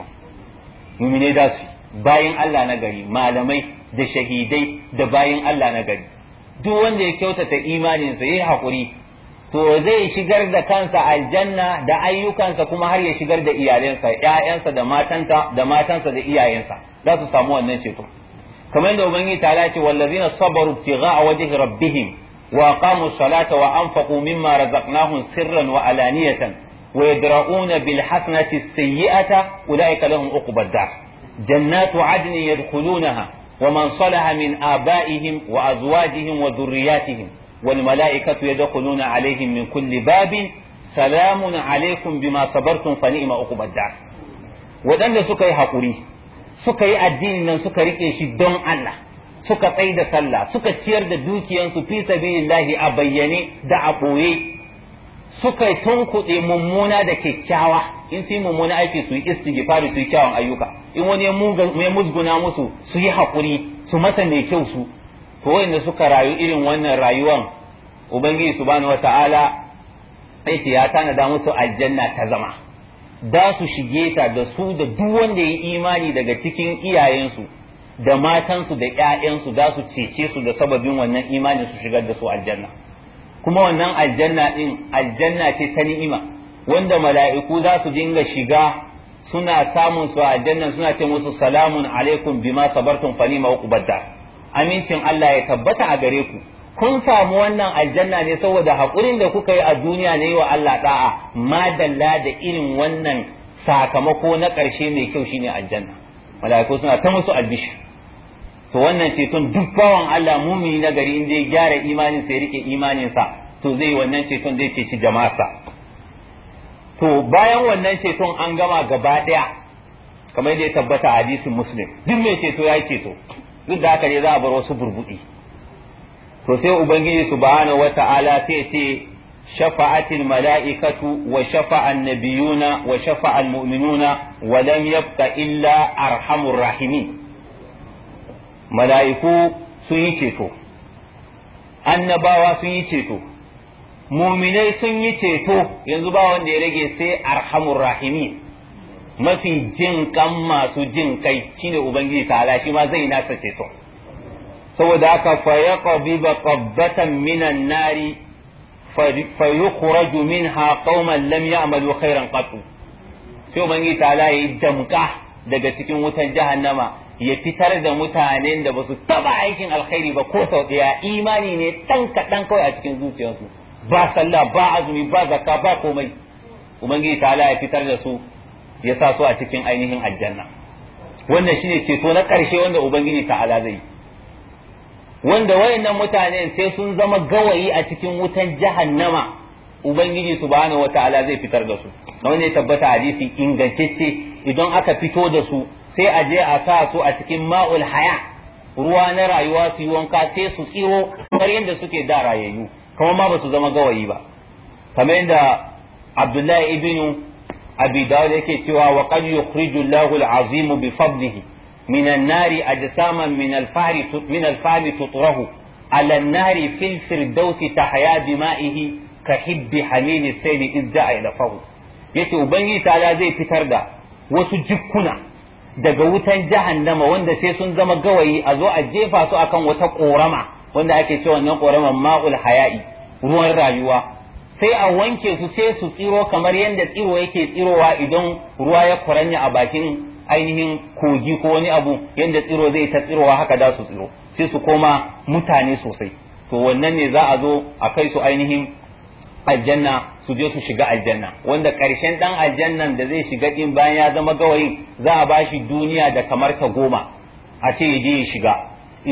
mumine da su bayan Allah na gari malamai da shahidai da bayan Allah na gari duk wanda ya kyautata imaninsa yayi hakuri to zai shigar da kansa aljanna da ayyukansa kuma har ya shigar da iyalansa ƴaƴansa da matanta da matansa da iyayensa za su samu wannan ceto كمان لو بني تعالى والذين صبروا ابتغاء وجه ربهم واقاموا الصلاه وانفقوا مما رزقناهم سرا وعلانيه ويدرؤون بالحسنه السيئه اولئك لهم عقبى الدار جنات عدن يدخلونها ومن صلح من ابائهم وازواجهم وذرياتهم والملائكه يدخلون عليهم من كل باب سلام عليكم بما صبرتم فنئم عقبى الدار وذن سكي حقوري suka yi addinin nan suka rike shi don Allah suka tsai da sallah suka ciyar da dukiyansu fi sabilillahi a bayyane da a ɓoye suka yi tunkuɗe mummuna da kyakkyawa in su yi mummuna aiki su yi istighfari su yi kyawun ayyuka in wani ya musguna musu su yi haƙuri su masa mai kyau su to wanda suka rayu irin wannan rayuwan ubangiji subhanahu wata'ala aiki ya tanada musu aljanna ta zama da su shige ta da su da duk wanda ya imani daga cikin iyayensu da matansu da ƴaƴansu za su cece su da sababin wannan imanin su shigar da su aljanna kuma wannan aljanna din aljanna ce ta ni'ima wanda mala'iku za su dinga shiga suna samun su aljanna suna ce musu salamun alaikum bima sabartum fa ma uqbadda amincin Allah ya tabbata a gare ku kun samu wannan aljanna ne saboda haƙurin da kuka yi a duniya ne wa Allah da'a madalla da irin wannan sakamako na ƙarshe mai kyau shine aljanna mala'iku suna ta musu albishi to wannan ceton duk bawan Allah mumini na gari in ya gyara imanin sa ya rike imanin sa to zai wannan ceton zai ce shi jama'arsa to bayan wannan ceton an gama gaba daya kamar yadda ya tabbata hadisin muslim duk mai ceto ya ceto duk da haka ne za a bar wasu burbuɗi to sai ubangiji subhanahu wata'ala sai ce shafa'atil mala'ikatu wa shafa'an nabiyuna wa shafa'al mu'minuna wa lam yabqa illa arhamur rahimin mala'iku sun yi ceto annabawa sun yi ceto muminai sun yi ceto yanzu ba wanda ya rage sai arhamur rahimi mafi jin kan masu jin kai shine ubangiji ta'ala shi ma zai nasa ceto saboda haka fa yaqbiba ƙabbatan minan nari fa yukhraju minha qauman lam ya'malu khairan qatu sai ubangiji ta'ala yayi damka daga cikin wutan jahannama ya fitar da mutanen da basu taba aikin alkhairi ba ko sau ɗaya imani ne ɗan kaɗan kawai a cikin zuciyarsu ba sallah ba azumi ba zakka ba komai ubangiji ta'ala ya fitar da su ya sa su a cikin ainihin aljanna wannan shine ceto na ƙarshe wanda ubangiji ta'ala zai wanda wayannan mutanen sai sun zama gawayi a cikin wutan jahannama ubangiji subhanahu wataala zai fitar da su wanda ya tabbata hadisi ingantacce idan aka fito da su sai a je a sa su a cikin ma'ul haya ruwa na rayuwa su yi wanka sai su tsiro kamar yadda suke da rayayyu kamar ma ba su zama gawayi ba kamar yadda abdullahi ibn abi dawud yake cewa wa qad yukhrijullahu al-azim bi fadlihi من النار أجساما من الفعل من الفعل تطره على النار في الفردوس تحيا دمائه كحب حميل السيل إذ جاء إلى فوق yace ubangiji ta zai fitar da wasu jikkuna daga wutan jahannama wanda sai sun zama gawayi a zo a jefa su akan wata korama wanda ake cewa wannan koraman ma'ul haya'i ruwan rayuwa sai a wanke su sai su tsiro kamar yadda tsiro yake tsirowa idan ruwa ya kuranya a bakin ainihin kogi ko wani abu yadda tsiro zai ta tsirowa haka da su tsiro sai su koma mutane sosai to wannan ne za a zo a kai su ainihin aljanna su je su shiga aljanna wanda karshen dan aljannan da zai shiga din bayan ya zama gawayin za a bashi duniya da kamar ta goma a ce ya je ya shiga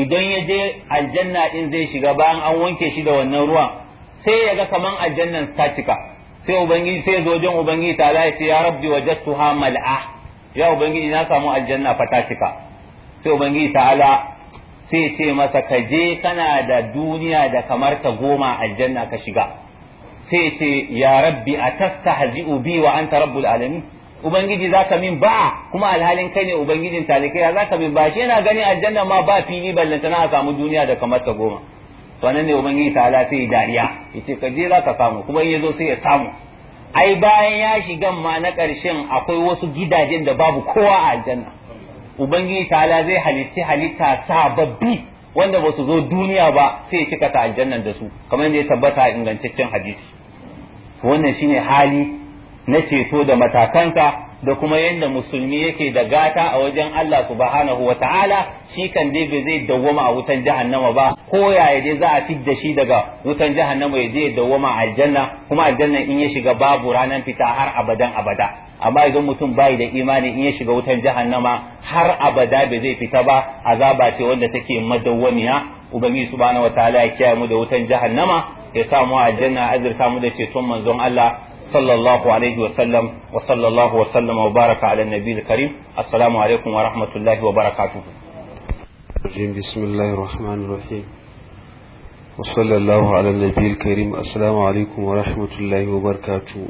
idan ya je aljanna din zai shiga bayan an wanke shi da wannan ruwan sai ya ga kaman aljannan ta cika sai ubangiji sai zo wajen ubangiji ta ya ce ya rabbi wajadtuha mal'a ya ubangiji na samu aljanna fa cika sai ubangiji ta'ala sai ce masa ka je kana da duniya da kamar ta goma aljanna ka shiga sai ce ya rabbi atastahzi'u bi wa anta rabbul alamin ubangiji zaka min ba kuma alhalin kai ne ubangijin talikai zaka min ba shi yana gani aljanna ma ba fili ballantana a samu duniya da kamar ta goma to ne ubangiji ta'ala sai dariya yace ka je zaka samu kuma in zo sai ya samu ai bayan ya shiga ma na ƙarshen akwai wasu gidajen da babu kowa a aljanna ubangiji ta'ala zai halitta halitta sababbi wanda ba su zo duniya ba sai ya cika ta aljannan da su kamar yadda ya tabbata ingantaccen hadisi wannan shine hali na ceto da matakanka da kuma yadda musulmi yake da gata a wajen Allah subhanahu wa ta'ala shi kan dai bai zai dawwama a wutan jahannama ba ko yaya dai za a da shi daga wutan jahannama ya je dawwama aljanna kuma aljanna in ya shiga babu ranar fita har abadan abada amma idan mutum bai da imani in ya shiga wutan jahannama har abada bai zai fita ba azaba ce wanda take madawwamiya ubangiji subhanahu wa ta'ala ya kiyaye mu da wutan jahannama ya samu aljanna azurta mu da ceton manzon Allah صلى الله عليه وسلم وصلى الله وسلم وبارك على النبي الكريم السلام عليكم ورحمة الله وبركاته بسم الله الرحمن الرحيم وصلى الله على النبي الكريم السلام عليكم ورحمة الله وبركاته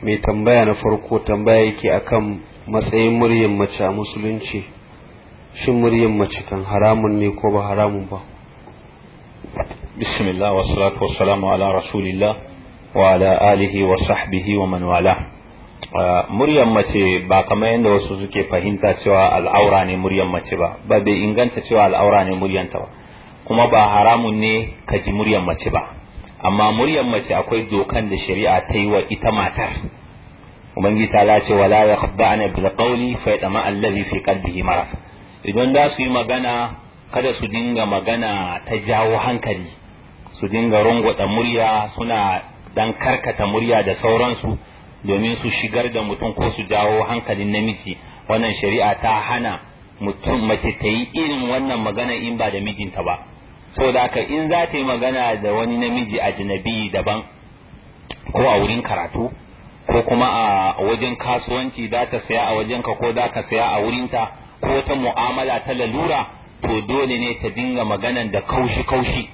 mai tambaya na farko tambaya yake akan matsayin muryar mace a musulunci shin muryar mace kan haramun ne ko ba haramun ba bismillah wasu salatu wasu ala rasulillah وعلى آله وصحبه ومن والاه muryar mace ba kamar yadda wasu suke fahimta cewa al'aura ne muryar mace ba ba bai inganta cewa al'aura ne muryanta ba kuma ba haramun ne ka ji muryar mace ba amma muryar mace akwai dokan da shari'a ta yi wa ita matar ubangi ta lace wala ya khabba'na bil qawli fa yadama allazi fi qalbihi marad idan da su yi magana kada su dinga magana ta jawo hankali su dinga rungwada murya suna dan karkata murya da sauransu domin su shigar da mutum ko su jawo hankalin namiji wannan shari'a ta hana mutum mace ta yi irin wannan magana in ba da mijinta ba so da haka in za ta yi magana da wani namiji ajnabi daban ko a wurin karatu ko kuma a wajen kasuwanci za ta saya a wajenka ko za ka saya a wurinta ko ta mu'amala ta lalura to dole ne ta dinga maganan da kaushi kaushi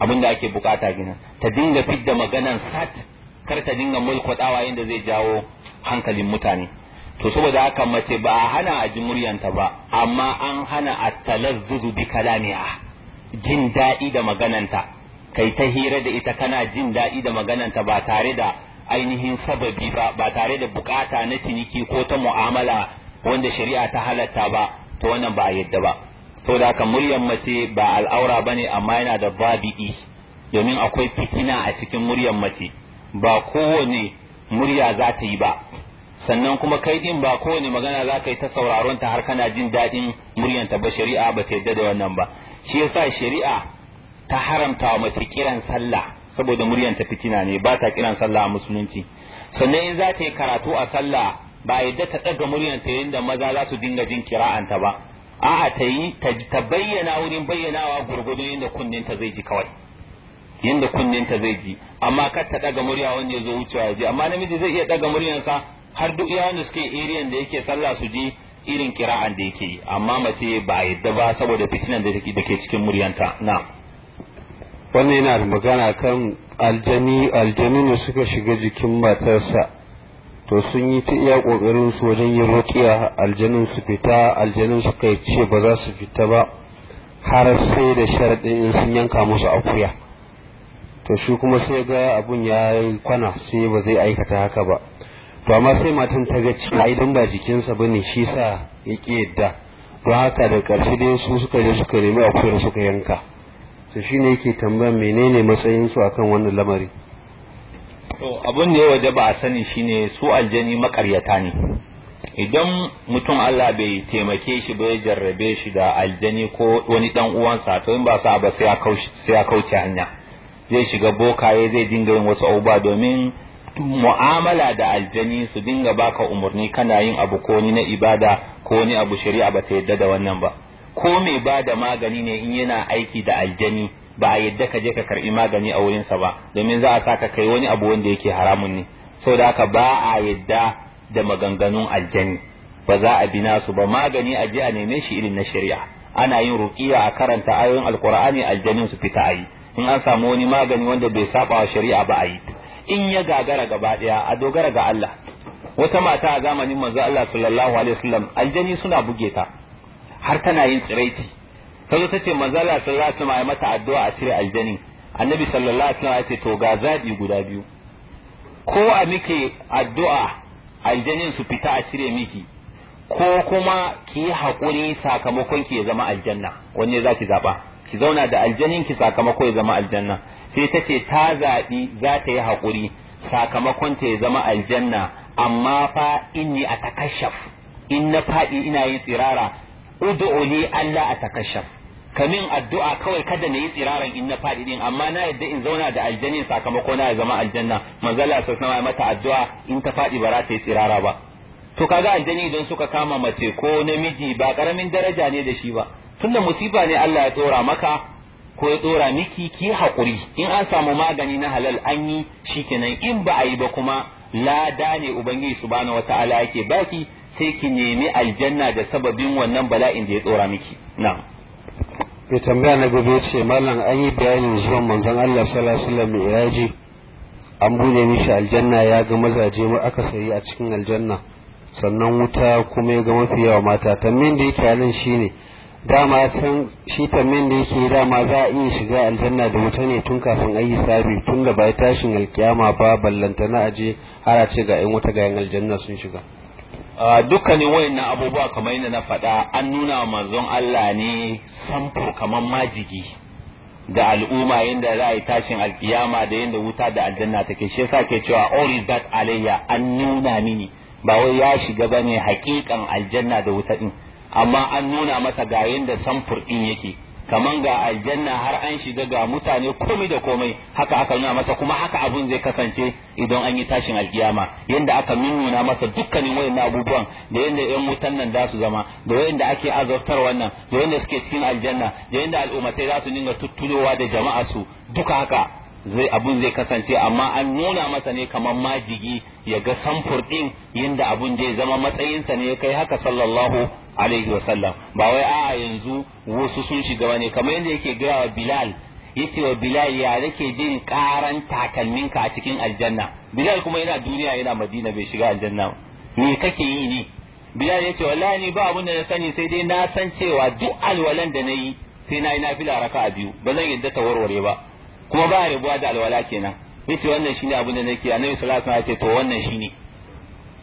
abin da ake bukata gina ta dinga fidda maganan sat kar ta dinga mulkwadawa yadda zai jawo hankalin mutane to saboda haka mace ba a hana a ji muryanta ba amma an hana a talazzuzu bi kalamiha jin daɗi da magananta kai ta hira da ita kana jin daɗi da magananta ba tare da ainihin sababi ba ba tare da bukata na ciniki ko ta mu'amala wanda shari'a ta halatta ba to wannan ba a yadda ba saboda haka muryar mace ba al'aura ne amma yana da babi'i domin akwai fitina a cikin muryar mace ba kowane murya za ta yi ba sannan kuma kai din ba kowane magana za ka yi ta sauraron ta har kana jin daɗin muryanta ba shari'a ba ta yadda da wannan ba shi yasa shari'a ta haramta wa mace kiran sallah saboda muryanta fitina ne ba ta kiran sallah a musulunci sannan in za ta yi karatu a sallah ba yadda ta ɗaga ta yadda maza za su dinga jin kira'anta ba a'a ta yi ta bayyana wurin bayyanawa gurgudun yadda kunninta zai ji kawai yadda kunninta zai ji amma kar ta daga murya wanda ya zo wucewa ya ji amma namiji zai iya daga muryansa har duk iya wanda suke iriyan da yake sallah su ji irin kira'an da yake yi amma mace ba a yadda ba saboda fitinan da ke cikin muryanta na wannan yana da magana kan aljani aljani ne suka shiga jikin matarsa to sun yi ta iya kokarin su wajen yin ruqiya aljanin su fita aljanin su kai ce ba za su fita ba har sai da sharadin in sun yanka musu akuya to shi kuma sai ga abun ya kwana sai ba zai aikata haka ba to amma sai matan ta ga cewa idan ba jikinsa bane shi sa ya ƙi yadda don haka da ƙarshe dai su suka je suka nemi akuyar suka yanka to shine yake tambaya menene matsayin su akan wannan lamari to abun da ya waje ba a sani shine su aljani makaryata ne idan mutum Allah bai taimake shi ba ya jarrabe shi da aljani ko wani dan uwansa to in ba sa ba sai ya kauce hanya zai shiga ya zai dinga yin wasu abubuwa domin mu'amala da aljani su dinga baka umarni kana yin abu ko ni na ibada ko ni abu shari'a ba ta yadda da wannan ba ko mai ba da magani ne in yana aiki da aljani ba a yadda ka je ka karbi magani a wurinsa ba domin za a saka kai wani abu wanda yake haramun ne saboda haka ba a yadda da maganganun aljani ba za a bi nasu ba magani a je a neme shi irin na shari'a ana yin ruqiya a karanta ayoyin alqur'ani aljanin su fita ayi in an samu wani magani wanda bai saba wa shari'a ba ayi in ya gagara gaba daya a dogara ga Allah wata mata a zamanin manzo Allah sallallahu alaihi wasallam aljani suna buge ta har tana yin tsiraiti ta zo ta ce manzala sallallahu alaihi wasallam ya mata addu'a a cire aljani annabi sallallahu alaihi wasallam ya to ga zabi guda biyu ko a miki addu'a aljanin su fita a cire miki ko kuma ki yi haƙuri sakamakon ki ya zama aljanna wanne za ki zaɓa ki zauna da aljanin ki sakamakon ya zama aljanna sai ta ce ta zaɓi za ta yi haƙuri sakamakon ta ya zama aljanna amma fa inni a takashaf in na faɗi ina yin tsirara ud'uli Allah a takashaf kamin addu'a kawai kada na yi tsiraran in na faɗi din amma na yadda in zauna da aljannin sakamako na ya zama aljanna manzala sai sama mata addu'a in ta faɗi ba za ta yi tsirara ba to kaga aljanni idan suka kama mace ko namiji ba karamin daraja ne da shi ba tunda musiba ne Allah ya tsora maka ko ya tsora miki ki hakuri in an samu magani na halal an yi shikenan in ba a yi ba kuma lada ne ubangiji subhanahu wataala yake baki sai ki nemi aljanna da sababin wannan bala'in da ya tsora miki na'am ya tambaya na gobe ce malam an yi bayanin zuwan manzon Allah sallallahu alaihi wasallam an bude mishi aljanna ya ga mazaje mu aka sayi a cikin aljanna sannan wuta kuma ya ga mafi yawa mata tammin da yake halin shine dama san shi tammin da yake dama za a iya shiga aljanna da wuta ne tun kafin ayi sabi tun da bai tashin alkiyama ba ballantana aje har a ce ga 'yan wuta ga 'yan aljanna sun shiga Ah, dukkanin wayannan abubuwa kamar yadda na faɗa an nuna wa manzon Allah ne samfur kamar majigi da al'umma yadda za a yi tashin alkiyama da yadda wuta da aljanna take shi yasa ke cewa all that alayya an nuna mini ba wai ya shiga bane hakikan aljanna da wuta din amma an nuna masa ga yadda samfur din yake kaman ga aljanna har an shiga ga mutane komai da komai haka aka nuna masa kuma haka abun zai kasance idan an yi tashin alkiyama yanda aka nuna masa dukkanin wayan abubuwan da yanda yan wutan nan za su zama da yanda ake azabtar wannan da yanda suke cikin aljanna da yanda al'ummatai za su dinga tuttulowa da jama'a su duka haka zai abun zai kasance amma an nuna masa ne kaman majigi ya ga samfur din yanda abun zai zama matsayinsa ne ya kai haka sallallahu alaihi wasallam ba wai a'a yanzu wasu sun shiga bane kamar yadda yake gaya wa bilal yace wa bilal ya nake jin karan takalminka a cikin aljanna bilal kuma yana duniya yana madina bai shiga aljanna me kake yi ne bilal yace wallahi ni ba abun da na sani sai dai na san cewa duk alwalan da nayi sai na yi raka a biyu ba zan yadda ta warware ba kuma ba rabuwa da alwala kenan yace wannan shine abun da nake annabi sallallahu alaihi wasallam ce to wannan shine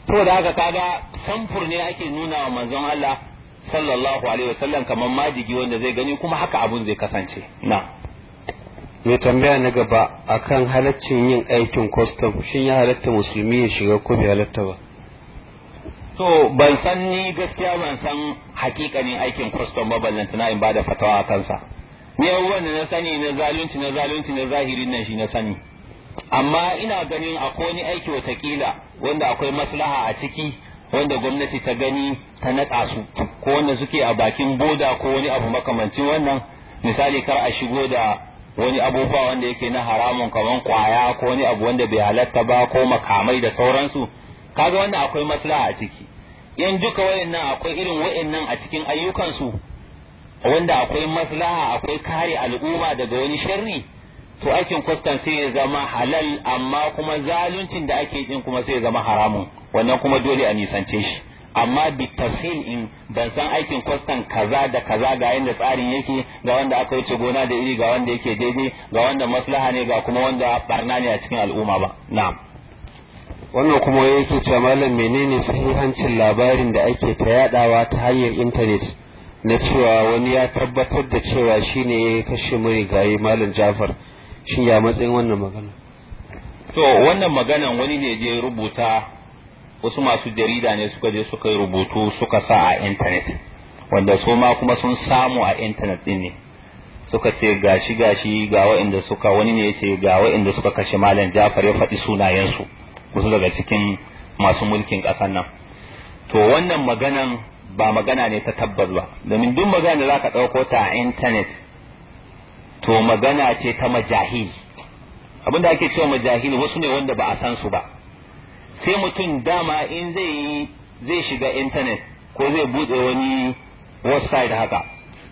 da haka kaga samfur ne ake nuna wa manzon Allah sallallahu alaihi wasallam kamar majigi wanda zai gani kuma haka abun zai kasance na mai tambaya na gaba akan halaccin yin aikin kwastam shin ya halatta musulmi ya shiga ko bai halatta ba to ban san ni gaskiya ban san hakikanin aikin kwastam ba tana in bada fatawa a kansa ni wanda na sani na zalunci na zalunci na zahirin nan shi na sani amma ina ganin akwai wani aiki watakila wanda akwai maslaha a ciki wanda gwamnati ta gani ta naɗa su ko wanda suke a bakin boda ko wani abu makamancin wannan misali kar a shigo da wani abubuwa wanda yake na haramun kamar kwaya ko wani abu wanda bai halatta ba ko makamai da sauransu kaga wanda akwai maslaha a ciki yan duka wayannan akwai irin wayannan a cikin ayyukansu wanda akwai maslaha akwai kare al'umma daga wani sharri to aikin kwastan sai ya zama halal amma kuma zaluncin da ake yin kuma sai ya zama haramun wannan kuma dole a nisance shi amma bi in ban san aikin kwastan kaza da kaza ga yadda tsarin yake ga wanda aka wuce gona da iri ga wanda yake daidai ga wanda maslaha ne ga kuma wanda barna ne a cikin al'umma ba na'am wannan kuma yake cewa malam menene sahihancin labarin da ake ta yadawa ta hanyar intanet na cewa wani ya tabbatar da cewa shine ya kashe marigayi malam Jafar shin ya matsayin wannan magana to wannan maganan wani ne je rubuta wasu masu jarida ne suka je suka rubutu suka sa a intanet wanda su ma kuma sun samu a intanet din ne suka ce gashi gashi ga wa'inda suka wani ne ce ga wa'inda suka kashe malam jafar ya faɗi sunayensu wasu daga cikin masu mulkin ƙasar nan to wannan maganan ba magana ne ta tabbas ba domin duk magana da za ka ɗauko ta a intanet to magana ce ta majahil abinda ake cewa majahil wasu ne wanda ba a san su ba sai mutum dama in zai yi zai shiga intanet ko zai bude wani website haka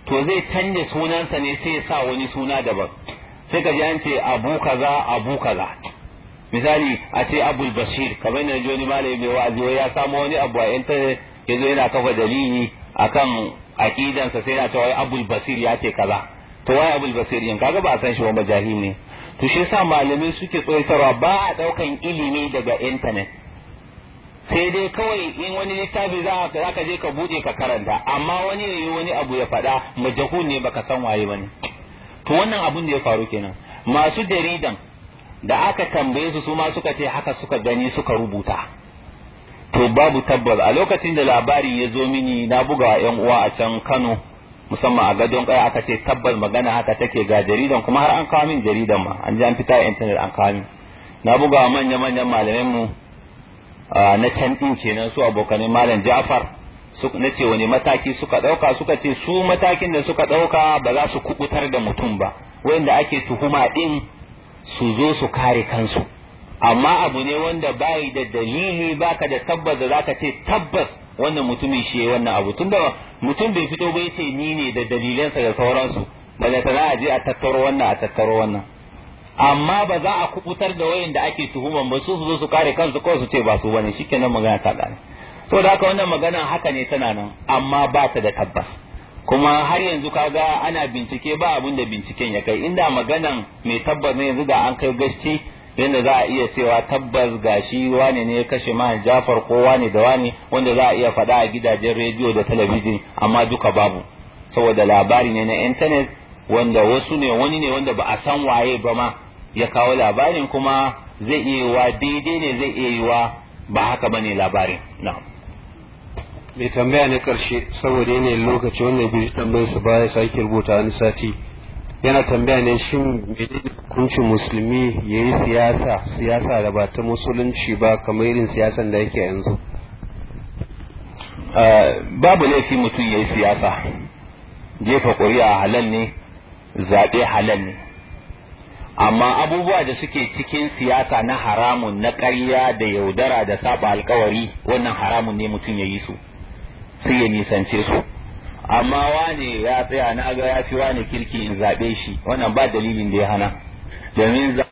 to zai canja sunansa ne sai ya sa wani suna daban sai ka ji an ce abu kaza abu kaza misali a ce abul bashir kamar yana ji wani malami mai wa'azi ya samu wani abu a intanet ya zo yana kafa dalili akan akidansa sai ya ce wai abul basir ya ce kaza to wai abul basir yin kaga ba san shi ba majahil ne to shi yasa malamai suke tsoratarwa ba a daukan ilimi daga internet sai dai kawai in wani littafi za ka je ka bude ka karanta amma wani yayi wani abu ya faɗa majahu ne baka san waye bane to wannan abun da ya faru kenan masu jaridan da aka tambaye su su ma suka ce haka suka gani suka rubuta to babu tabbas a lokacin da labarin ya zo mini na buga yan uwa a can Kano musamman a gadon kaya aka ce tabbas magana haka take ga jaridan kuma har an kawo min jaridan ma an ji an fita intanet an kawo min na buga manya manyan malamin mu na can din kenan su abokan malam Ja'far su na ce wani mataki suka dauka suka ce su matakin da suka dauka ba za su kubutar da mutum ba wanda ake tuhuma din su zo su kare kansu amma abu ne wanda bai da dalili baka da tabbas da zaka ce tabbas wannan mutumin shi wannan abu tun da mutum bai fito ba yace ni ne da dalilansa da sauransu bala ta za a a tattaro wannan a tattaro wannan amma ba za a kubutar da wayan da ake tuhuman ba su zo su kare kansu ko su ce ba su bane shikenan magana ta gane to da haka wannan magana haka ne tana nan amma ba ta da tabbas kuma har yanzu kaga ana bincike ba abin da binciken ya kai inda maganan mai tabbas ne yanzu da an kai gaske yadda za a iya cewa tabbas gashi wane ne ya kashe ma jafar ko wane da wane wanda za a iya faɗa a gidajen rediyo da talabijin amma duka babu saboda labari ne na intanet wanda wasu ne wani ne wanda ba a san waye ba ma ya kawo labarin kuma zai iya yiwa daidai ne zai iya yiwa ba haka ba ne labarin na. mai tambaya na karshe saboda yanayin lokaci wanda biyu tambayar su baya sake rubuta wani sati yana tambaya ne shin menene hukuncin musulmi ya yi siyasa siyasa da ba ta musulunci ba kamar irin siyasan da yake yanzu eh, babu laifi mutum ya yi siyasa jefa ƙuri'a halal ne zaɓe halal ne amma abubuwa da suke cikin siyasa na haramun na ƙarya da yaudara da saba alkawari wannan haramun ne mutum ya yi su sai ya nisance su amma wane ya tsaya na ga ya fi wane kirki in zaɓe shi wannan ba dalilin da ya hana domin